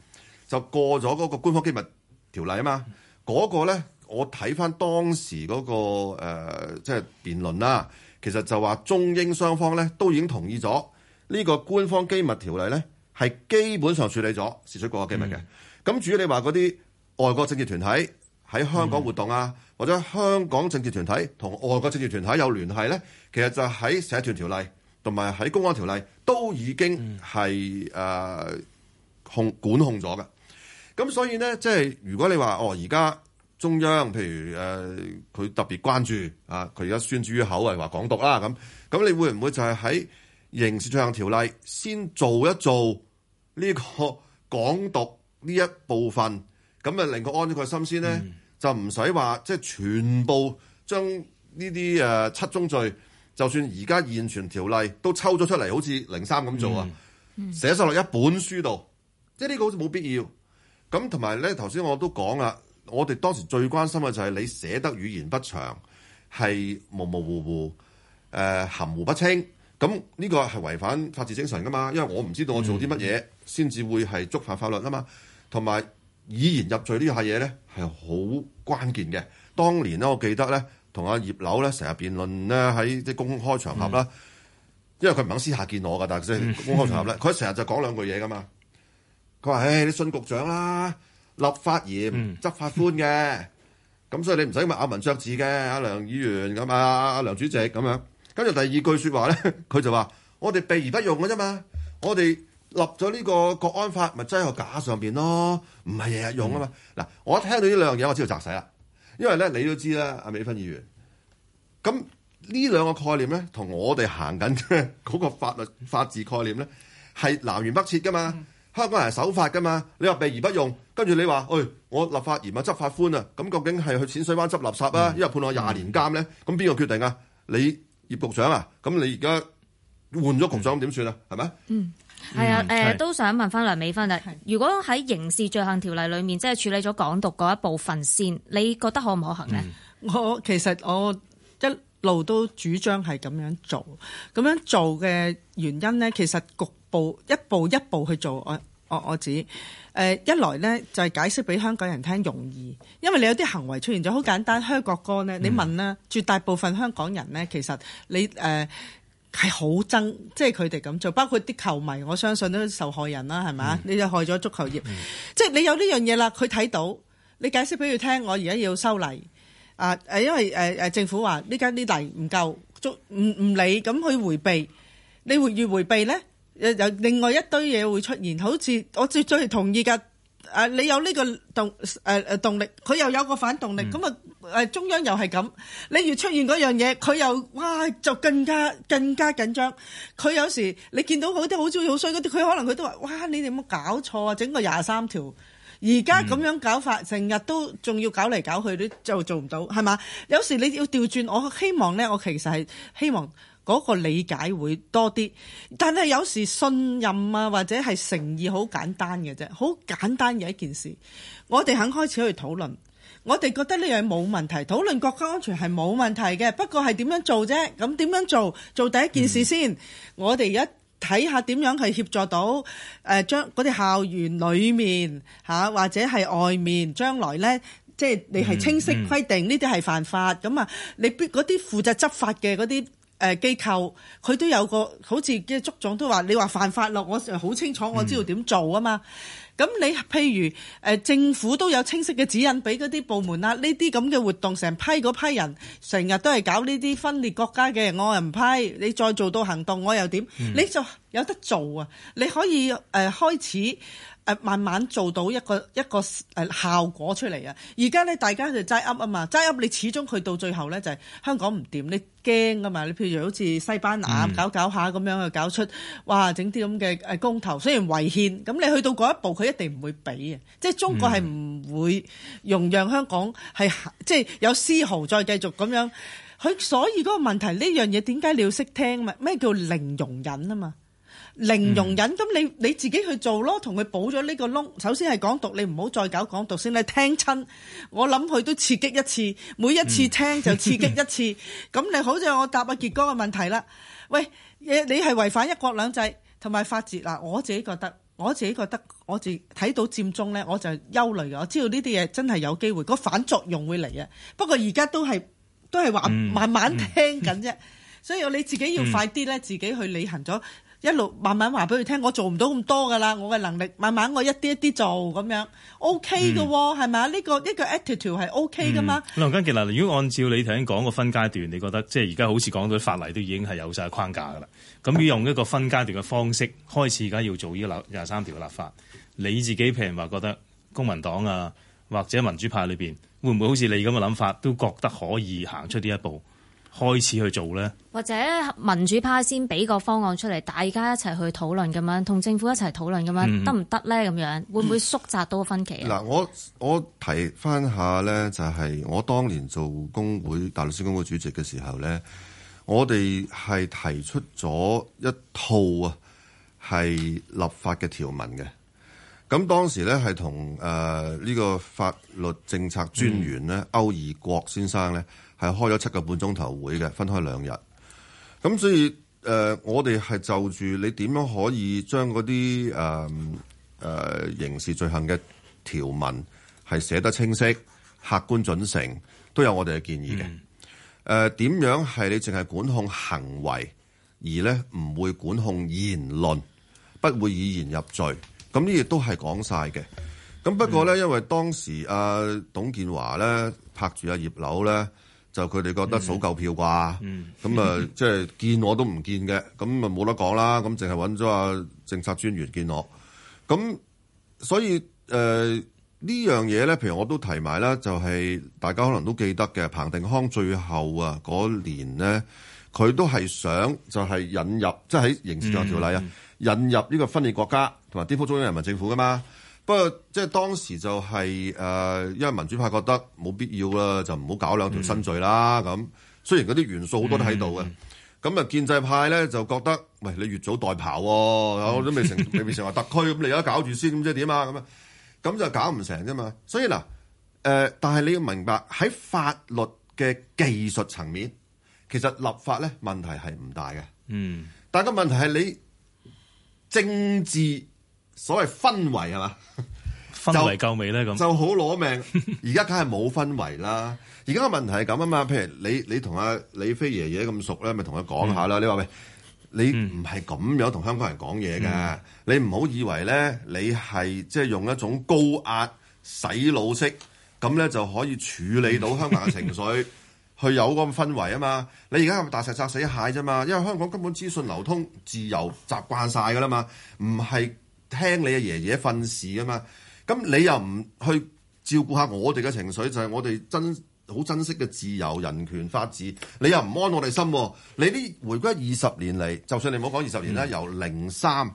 就過咗嗰個官方機密條例啊嘛。嗰個呢，我睇翻當時嗰、那個、呃、即係辯論啦、啊，其實就話中英雙方呢，都已經同意咗呢個官方機密條例呢係基本上處理咗涉出國家機密嘅。咁至於你話嗰啲外國政治團體喺香港活動啊，嗯、或者香港政治團體同外國政治團體有聯繫呢，其實就喺社團條例同埋喺公安條例都已經係誒、呃、控管控咗嘅。咁所以咧，即係如果你話哦，而家中央譬如誒佢、呃、特別關注啊，佢而家宣諸於口係話、就是、港獨啦，咁咁你會唔會就係喺刑事罪行條例先做一做呢個港獨呢一部分，咁啊令佢安咗佢心先咧、嗯，就唔使話即係全部將呢啲誒七宗罪，就算而家現存條例都抽咗出嚟，好似零三咁做啊，嗯嗯、寫曬落一本書度，即係呢個好似冇必要。咁同埋咧，頭先我都講啦，我哋當時最關心嘅就係你寫得語焉不詳，係模模糊糊、誒、呃、含糊不清。咁呢個係違反法治精神噶嘛？因為我唔知道我做啲乜嘢先至會係觸犯法律啊嘛。同埋以言入罪一下呢下嘢咧係好關鍵嘅。當年咧，我記得咧，同阿葉劉咧成日辯論咧喺即公開場合啦，嗯、因為佢唔肯私下見我噶，但係公開場合咧，佢成日就講兩句嘢噶嘛。佢話：，唉、哎，你信局長啦，立法嚴，執法寬嘅，咁、嗯、所以你唔使咬文嚼字嘅阿梁議員咁啊，阿梁主席咁樣。跟住第二句話呢說話咧，佢就話：，我哋避而不用嘅啫嘛，我哋立咗呢個國安法，咪真係個架上面咯，唔係日日用啊嘛。嗱、嗯，我一聽到呢兩樣嘢，我知道砸死啦，因為咧你都知啦，阿美芬議員，咁呢兩個概念咧，同我哋行緊嗰個法律、嗯、法治概念咧，係南轅北轍噶嘛。嗯香港人係守法噶嘛？你話避而不用，跟住你話，哎，我立法嚴啊，執法寬啊，咁究竟係去淺水灣執垃圾啊，嗯、因為判我廿年監咧，咁邊個決定啊？你葉局長啊，咁你而家換咗局長，咁點算啊？係咪？嗯，係啊，誒都想問翻梁美芬啊。如果喺刑事罪行條例裏面，即係處理咗港獨嗰一部分先，你覺得可唔可行呢？嗯、我其實我一路都主張係咁樣做，咁樣做嘅原因咧，其實局。步一步一步去做，我我我指誒、呃、一來呢，就係、是、解釋俾香港人聽容易，因為你有啲行為出現咗好簡單。香港歌呢，你問啦，嗯、絕大部分香港人呢，其實你誒係好憎，即係佢哋咁做，包括啲球迷，我相信都受害人啦，係咪？嗯、你又害咗足球業，嗯、即係你有呢樣嘢啦，佢睇到你解釋俾佢聽，我而家要修例。啊、呃、誒，因為誒誒政府話呢家啲例唔夠，足唔唔理咁去回避，你越越回避呢？有有另外一堆嘢會出現，好似我最最同意噶，啊你有呢個動、呃、動力，佢又有個反動力，咁啊、嗯、中央又係咁，你越出現嗰樣嘢，佢又哇就更加更加緊張。佢有時你見到好啲好糟好衰嗰啲，佢可能佢都話：哇，你哋冇搞錯啊！整個廿三條，而家咁樣搞法，成日、嗯、都仲要搞嚟搞去，都就做唔到，係嘛？有時你要調轉，我希望咧，我其實係希望。嗰個理解會多啲，但係有時信任啊，或者係誠意，好簡單嘅啫，好簡單嘅一件事。我哋肯開始去討論，我哋覺得呢樣冇問題，討論國家安全係冇問題嘅。不過係點樣做啫？咁點樣做？做第一件事先，嗯、我哋而家睇下點樣去協助到誒將嗰啲校園裏面嚇、啊、或者係外面將來呢，即係你係清晰規定呢啲係犯法咁啊？咁你必嗰啲負責執法嘅嗰啲。誒機、呃、構佢都有個好似嘅祝總都話：“你話犯法律，我好清楚，我知道點做啊嘛。嗯咁你譬如誒、呃、政府都有清晰嘅指引俾嗰啲部門啦，呢啲咁嘅活動成批嗰批人，成日都係搞呢啲分裂國家嘅，我又唔批你再做到行動我又點，嗯、你就有得做啊！你可以誒、呃、開始誒、呃、慢慢做到一個一個誒、呃、效果出嚟啊！而家咧，大家就齋噏啊嘛，齋噏你始終去到最後咧，就係、是、香港唔掂，你驚啊嘛！你譬如好似西班牙搞搞下咁樣去、嗯、搞出哇整啲咁嘅誒公投，雖然違憲，咁你去到嗰一步佢。佢一定唔會俾啊！即係中國係唔會容讓香港係即係有絲毫再繼續咁樣。佢所以嗰個問題呢樣嘢，點解你要識聽啊？嘛咩叫零容忍啊？嘛零容忍，咁你你自己去做咯，同佢補咗呢個窿。首先係港獨，你唔好再搞港獨先啦。你聽親，我諗佢都刺激一次，每一次聽就刺激一次。咁你好似我答阿杰哥嘅問題啦。喂，你係違反一國兩制同埋法治嗱，我自己覺得。我自己覺得，我自睇到佔中咧，我就憂慮嘅。我知道呢啲嘢真係有機會，個反作用會嚟嘅。不過而家都係都係話慢慢聽緊啫，嗯嗯、所以你自己要快啲咧，自己去履行咗。一路慢慢話俾佢聽，我做唔到咁多噶啦，我嘅能力慢慢我一啲一啲做咁樣，O K 嘅喎，係、OK、咪、哦？呢、嗯呢個呢、呢個 attitude 係 O、okay、K 噶嘛？梁、嗯嗯、家傑，嗱，如果按照你頭先講個分階段，你覺得即係而家好似講到法例都已經係有晒框架噶啦，咁要用一個分階段嘅方式 <coughs> 開始而家要做呢個廿廿三條嘅立法，你自己譬如話覺得公民黨啊或者民主派裏面，會唔會好似你咁嘅諗法，都覺得可以行出呢一步？開始去做呢，或者民主派先俾個方案出嚟，大家一齊去討論咁樣，同政府一齊討論咁、嗯嗯、樣，得唔得呢？咁樣會唔會縮窄到個分歧啊？嗱、嗯嗯，我我提翻下呢，就係、是、我當年做工會、大律師公會主席嘅時候呢，我哋係提出咗一套啊，係立法嘅條文嘅。咁當時呢，係同誒呢個法律政策專員呢、嗯、歐怡國先生呢。係開咗七個半鐘頭會嘅，分開兩日咁，所以誒、呃，我哋係就住你點樣可以將嗰啲誒誒刑事罪行嘅條文係寫得清晰、客觀、準繩，都有我哋嘅建議嘅。誒、嗯，點、呃、樣係你淨係管控行為而咧唔會管控言論，不會以言入罪，咁呢亦都係講晒嘅。咁不過咧，嗯、因為當時阿、呃、董建華咧拍住阿葉劉咧。就佢哋覺得數夠票啩，咁啊即係見我都唔見嘅，咁啊冇得講啦，咁淨係揾咗啊政策專員見我，咁所以誒呢、呃、樣嘢咧，譬如我都提埋啦，就係、是、大家可能都記得嘅，嗯、彭定康最後啊嗰年咧，佢都係想就係引入，即係喺《刑事罪行條例》啊、嗯，嗯、引入呢個分裂國家同埋顛覆中央人民政府噶嘛。不過，即、就、係、是、當時就係、是、誒、呃，因為民主派覺得冇必要啦，就唔好搞兩條新罪啦咁。雖然嗰啲元素好多都喺度嘅，咁啊、嗯、建制派咧就覺得，喂你越早代跑喎，我都、嗯、未成，未未成為特區，咁 <laughs> 你而家搞住先，咁即係點啊？咁啊，咁就搞唔成啫嘛。所以嗱，誒、呃，但係你要明白喺法律嘅技術層面，其實立法咧問題係唔大嘅。嗯，但係個問題係你政治。所謂氛圍啊嘛？氛圍夠未咧？咁就好攞命。而家梗係冇氛圍啦。而家個問題係咁啊嘛。譬如你你同阿李飛爺爺咁熟咧，咪同佢講下啦、嗯。你話喂，你唔係咁樣同香港人講嘢㗎，嗯、你唔好以為咧，你係即係用一種高壓洗腦式咁咧，就可以處理到香港嘅情緒，嗯、去有嗰個氛圍啊嘛。你而家係咪大石砸死蟹啫嘛？因為香港根本資訊流通自由習慣晒噶啦嘛，唔係。聽你嘅爺爺訓示啊嘛，咁你又唔去照顧下我哋嘅情緒，就係、是、我哋珍好珍惜嘅自由、人權、法治，你又唔安我哋心、啊。你呢回歸二十年嚟，就算你唔好講二十年啦，嗯、由零三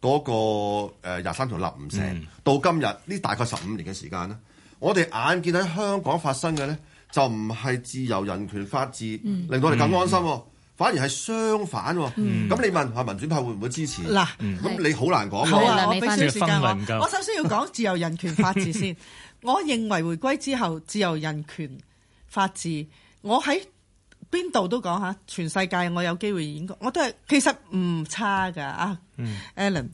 嗰個廿三、呃、條立唔成，嗯、到今日呢大概十五年嘅時間啦，我哋眼見喺香港發生嘅咧，就唔係自由、人權、法治，嗯、令到我哋咁安心、啊。嗯嗯反而係相反喎，咁、嗯、你問下民主派會唔會支持？嗱、嗯，咁你難、嗯、好難講啊！對我畀時間分文，我首先要講自由人權法治先， <laughs> 我認為回歸之後自由人權法治，我喺邊度都講下，全世界我有機會演講，我都係其實唔差噶啊，Allen，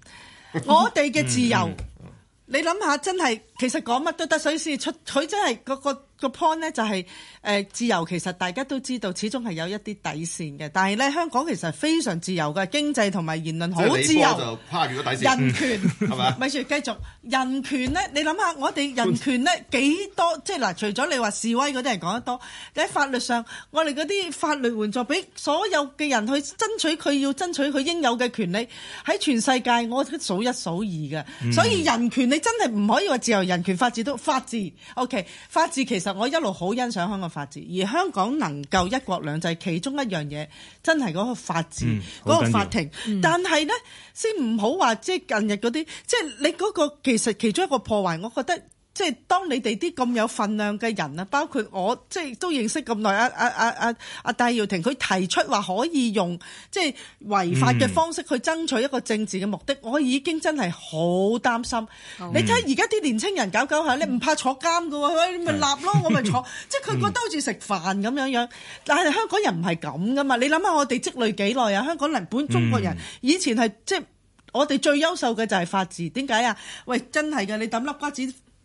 我哋嘅自由，嗯嗯、你諗下真係其實講乜都得，所以先出佢真係、嗰個。個 point 咧就係、是、誒、呃、自由，其實大家都知道，始終係有一啲底線嘅。但係咧，香港其實非常自由嘅，經濟同埋言論好自由，就跨越咗底線，人權係咪？咪住繼續，人權咧，你諗下，我哋人權咧幾多？即係嗱，除咗你話示威嗰啲人講得多，喺法律上，我哋嗰啲法律援助俾所有嘅人去爭取佢要爭取佢應有嘅權利，喺全世界我數一數二嘅。所以人權你真係唔可以話自由，人權法治都法治。OK，法治其實。我一路好欣賞香港法治，而香港能夠一國兩制，其中一樣嘢真係嗰個法治，嗰、嗯、個法庭。但係咧，先唔好話，即係近日嗰啲，即係你嗰個其實其中一個破壞，我覺得。即係當你哋啲咁有份量嘅人啊，包括我即係都認識咁耐啊啊啊啊啊戴耀廷，佢提出話可以用即係違法嘅方式去爭取一個政治嘅目的，嗯、我已經真係好擔心。嗯、你睇而家啲年青人搞搞下，你唔怕坐監噶喎，你咪立咯，我咪坐， <laughs> 即係佢個兜住食飯咁樣樣。但係香港人唔係咁噶嘛，你諗下我哋積累幾耐啊？香港人本中國人、嗯、以前係即係我哋最優秀嘅就係法治，點解啊？喂，真係嘅，你抌粒瓜子。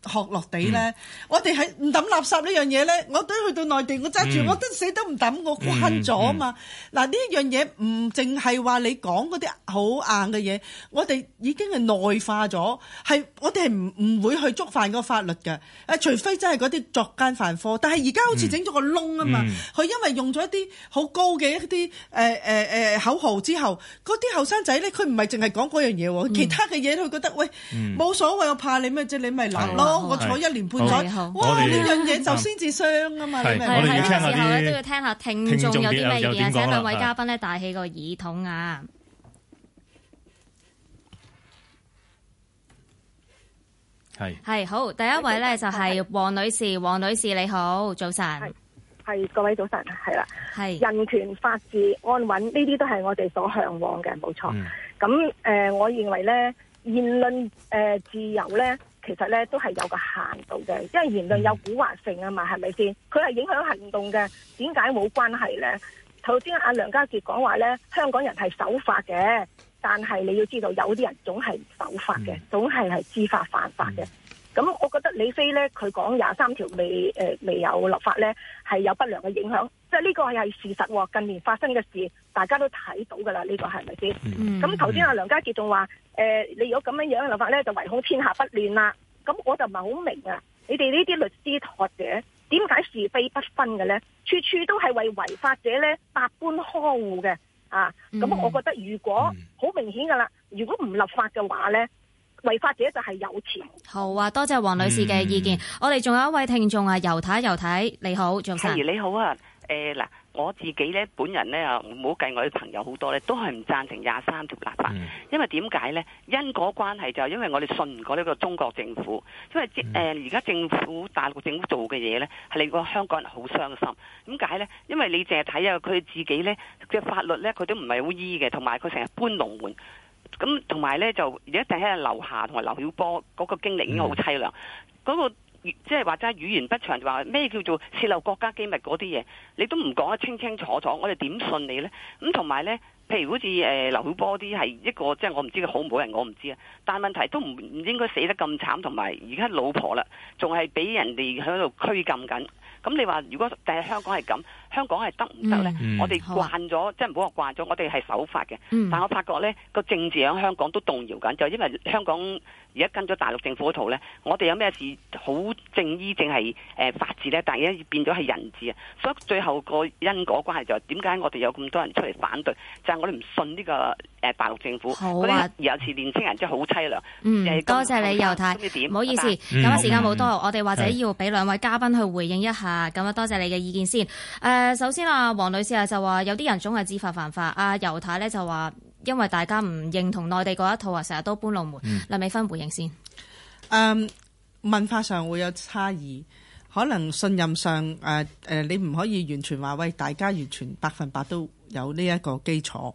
學落地咧，嗯、我哋係唔抌垃圾呢樣嘢咧。我都去到內地，我揸住、嗯、我都死都唔抌，我關咗啊嘛。嗱，呢樣嘢唔淨係話你講嗰啲好硬嘅嘢，我哋已經係內化咗，係我哋係唔唔會去觸犯個法律嘅、啊。除非真係嗰啲作奸犯科。但係而家好似整咗個窿啊嘛，佢、嗯嗯、因為用咗一啲好高嘅一啲誒誒口號之後，嗰啲後生仔咧，佢唔係淨係講嗰樣嘢喎，嗯、其他嘅嘢佢覺得喂冇、嗯、所謂，我怕你咩啫？你咪鬧咯。嗯嗯啊我坐一年半載後，哇！呢樣嘢就先至傷啊嘛，係係，都要聽下啲，都要聽下聽眾有啲咩嘢，請兩位嘉賓咧戴起個耳筒啊。係係好，第一位咧就係王女士，王女士你好，早晨，係各位早晨，係啦，係。人權、法治、安穩呢啲都係我哋所向往嘅，冇錯。咁誒，我認為咧，言論誒自由咧。其實咧都係有個限度嘅，因為言論有蠱惑性啊嘛，係咪先？佢係影響行動嘅，點解冇關係呢？頭先阿梁家傑講話咧，香港人係守法嘅，但係你要知道，有啲人總係守法嘅，嗯、總係係知法犯法嘅。咁、嗯、我覺得李飛咧，佢講廿三條未誒、呃、未有立法咧，係有不良嘅影響。即係呢個係事實，近年發生嘅事，大家都睇到噶啦。呢、這個係咪先？咁頭先阿梁家傑仲話，誒、呃，你如果咁樣樣立法咧，就唯恐天下不亂啦。咁我就唔係好明啊，你哋呢啲律師學者點解是非不分嘅咧？處處都係為違法者咧百般呵護嘅。啊，咁我覺得如果好、嗯、明顯噶啦，如果唔立法嘅話咧，違法者就係有錢。好啊，多謝黃女士嘅意見。嗯、我哋仲有一位聽眾啊，游太游太，你好，早晨。你好啊。誒嗱、呃，我自己咧本人咧啊，唔好計我啲朋友好多咧，都係唔贊成廿三條立法，mm. 因為點解咧？因果關係就係因為我哋信唔過呢個中國政府，因為即而家政府、mm. 大陸政府做嘅嘢咧，係令到香港人好傷心。點解咧？因為你淨係睇下佢自己咧嘅法律咧，佢都唔係好依嘅，同埋佢成日搬龍門。咁同埋咧就而家定喺啊劉霞同埋劉曉波嗰個經歷已經好凄涼嗰、mm. 那個即係話齋語言不詳就話咩叫做洩露國家機密嗰啲嘢，你都唔講得清清楚楚，我哋點信你呢？咁同埋呢，譬如好似誒劉曉波啲係一個，即係我唔知佢好唔好人，我唔知啊。但係問題都唔唔應該死得咁慘，同埋而家老婆啦，仲係俾人哋喺度拘禁緊。咁你話如果第日香港係咁，香港係得唔得呢？嗯、我哋慣咗，啊、即係唔好話慣咗，我哋係守法嘅。嗯、但我發覺呢個政治喺香港都動搖緊，就因為香港。而家跟咗大陸政府嗰套咧，我哋有咩事好正義正係誒、呃、法治咧，但係而家變咗係人治啊！所以最後個因果關係就係點解我哋有咁多人出嚟反對，就係、是、我哋唔信呢、這個誒大、呃、陸政府。好、啊、有時年輕人真係好凄涼。嗯、今多謝你，今尤太。唔好意思，咁啊見、嗯、時間冇多，嗯、我哋或者要俾兩位嘉賓去回應一下。咁啊的，多謝你嘅意見先。誒、呃，首先啊，黃女士啊就話有啲人總係知法犯法。啊，尤太咧就話。因為大家唔認同內地嗰一套啊，成日都搬龍門。梁美芬回應先，誒，文化上會有差異，可能信任上誒誒，你唔可以完全話喂，大家完全百分百都有呢一個基礎。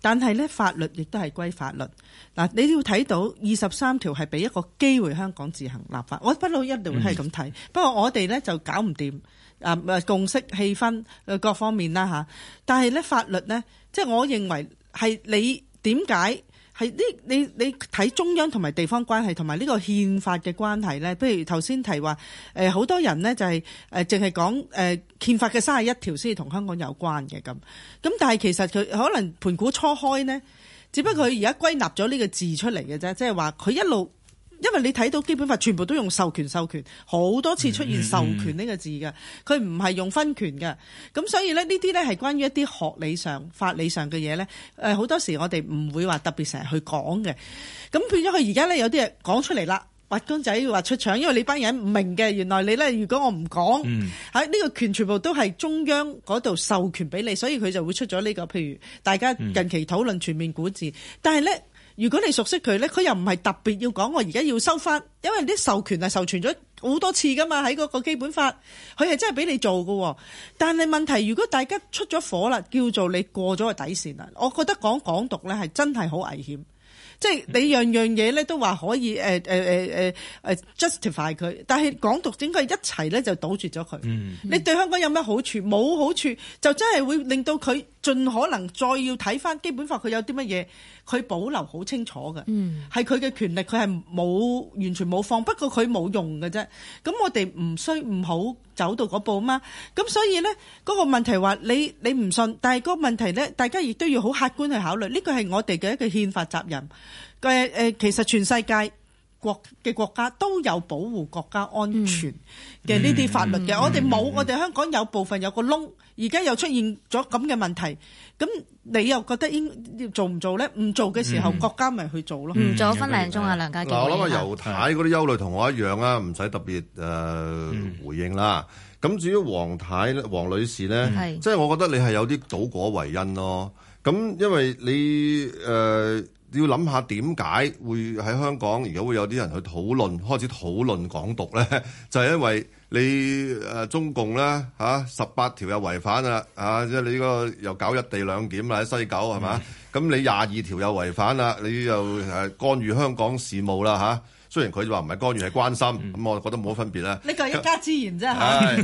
但係咧，法律亦都係歸法律嗱。你要睇到二十三條係俾一個機會香港自行立法，我不嬲一定會係咁睇。不過我哋咧就搞唔掂啊，共識氣氛誒，各方面啦吓。但係咧法律咧，即係我認為。係你點解係呢？你你睇中央同埋地方關係同埋呢個憲法嘅關係咧？不如頭先提話，呃、好多人咧就係誒淨係講誒憲法嘅三十一條先至同香港有關嘅咁。咁但係其實佢可能盤古初開呢，只不過佢而家歸納咗呢個字出嚟嘅啫，即係話佢一路。因為你睇到基本法全部都用授權授權，好多次出現授權呢個字嘅，佢唔係用分權嘅。咁所以咧，呢啲咧係關於一啲學理上、法理上嘅嘢咧。誒，好多時我哋唔會話特別成日去講嘅。咁變咗佢而家咧有啲嘢講出嚟啦，挖公仔話出場，因為你班人唔明嘅。原來你咧，如果我唔講，喺呢、嗯、個權全部都係中央嗰度授權俾你，所以佢就會出咗呢、呢個。譬如大家近期討論全面股字，但係咧。如果你熟悉佢咧，佢又唔係特別要講。我而家要收翻，因為啲授權係授權咗好多次噶嘛，喺嗰個基本法，佢係真係俾你做噶。但係問題，如果大家出咗火啦，叫做你過咗個底線啦，我覺得講港獨咧係真係好危險。嗯、即係你樣樣嘢咧都話可以誒誒、嗯啊啊啊、justify 佢，但係港獨整個一齊咧就堵住咗佢。嗯、你對香港有咩好處？冇好處，就真係會令到佢盡可能再要睇翻基本法，佢有啲乜嘢？佢保留好清楚嘅，係佢嘅權力，佢係冇完全冇放，不過佢冇用嘅啫。咁我哋唔需唔好走到嗰步吖嘛。咁所以咧，嗰個問題話你你唔信，但係嗰個問題咧，大家亦都要好客觀去考慮。呢個係我哋嘅一個憲法責任嘅誒，其實全世界。國嘅國家都有保護國家安全嘅呢啲法律嘅，我哋冇，我哋香港有部分有個窿，而家又出現咗咁嘅問題，咁你又覺得應要做唔做咧？唔做嘅時候，國家咪去做咯。唔做分兩鐘啊，梁家傑。我諗阿尤太嗰啲憂慮同我一樣啊，唔使特別誒回應啦。咁至於黃太、黃女士咧，即係我覺得你係有啲倒果為因咯。咁因為你誒。要諗下點解會喺香港而家會有啲人去討論，開始討論港獨咧？就係、是、因為你、啊、中共咧嚇十八條又違反啦嚇，即係、啊、你個又搞一地兩檢啦，喺西九係嘛？咁、嗯、你廿二條又違反啦，你又誒干預香港事務啦嚇雖然佢話唔係干預係關心，咁、嗯、我就覺得冇乜分別啦。呢個一家之言啫，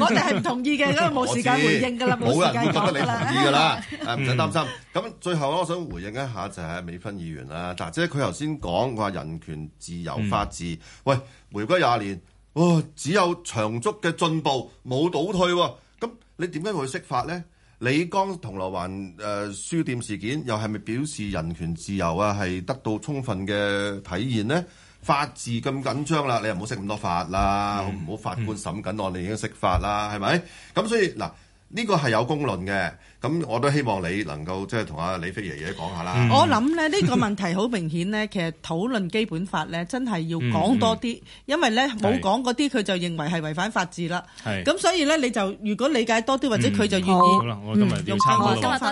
我哋係唔同意嘅，因為冇時間回應㗎啦，冇人覺得你同意㗎啦。唔使 <laughs> 擔心。咁、嗯、最後我想回應一下就係美芬議員啦。嗱、嗯，即係佢頭先講話人權自由法治，嗯、喂回歸廿年，哇、哦、只有長足嘅進步，冇倒退喎、哦。咁你點解會釋法咧？李剛銅鑼灣誒、呃、書店事件又係咪表示人權自由啊係得到充分嘅體現咧？法治咁緊張啦，你又唔好識咁多法啦，唔好法官審緊案，你已經識法啦，係咪？咁所以嗱，呢個係有公論嘅，咁我都希望你能夠即係同阿李飛爺爺講下啦。我諗咧，呢個問題好明顯咧，其實討論基本法咧，真係要講多啲，因為咧冇講嗰啲，佢就認為係違反法治啦。係，咁所以咧，你就如果理解多啲，或者佢就願意用翻我加翻。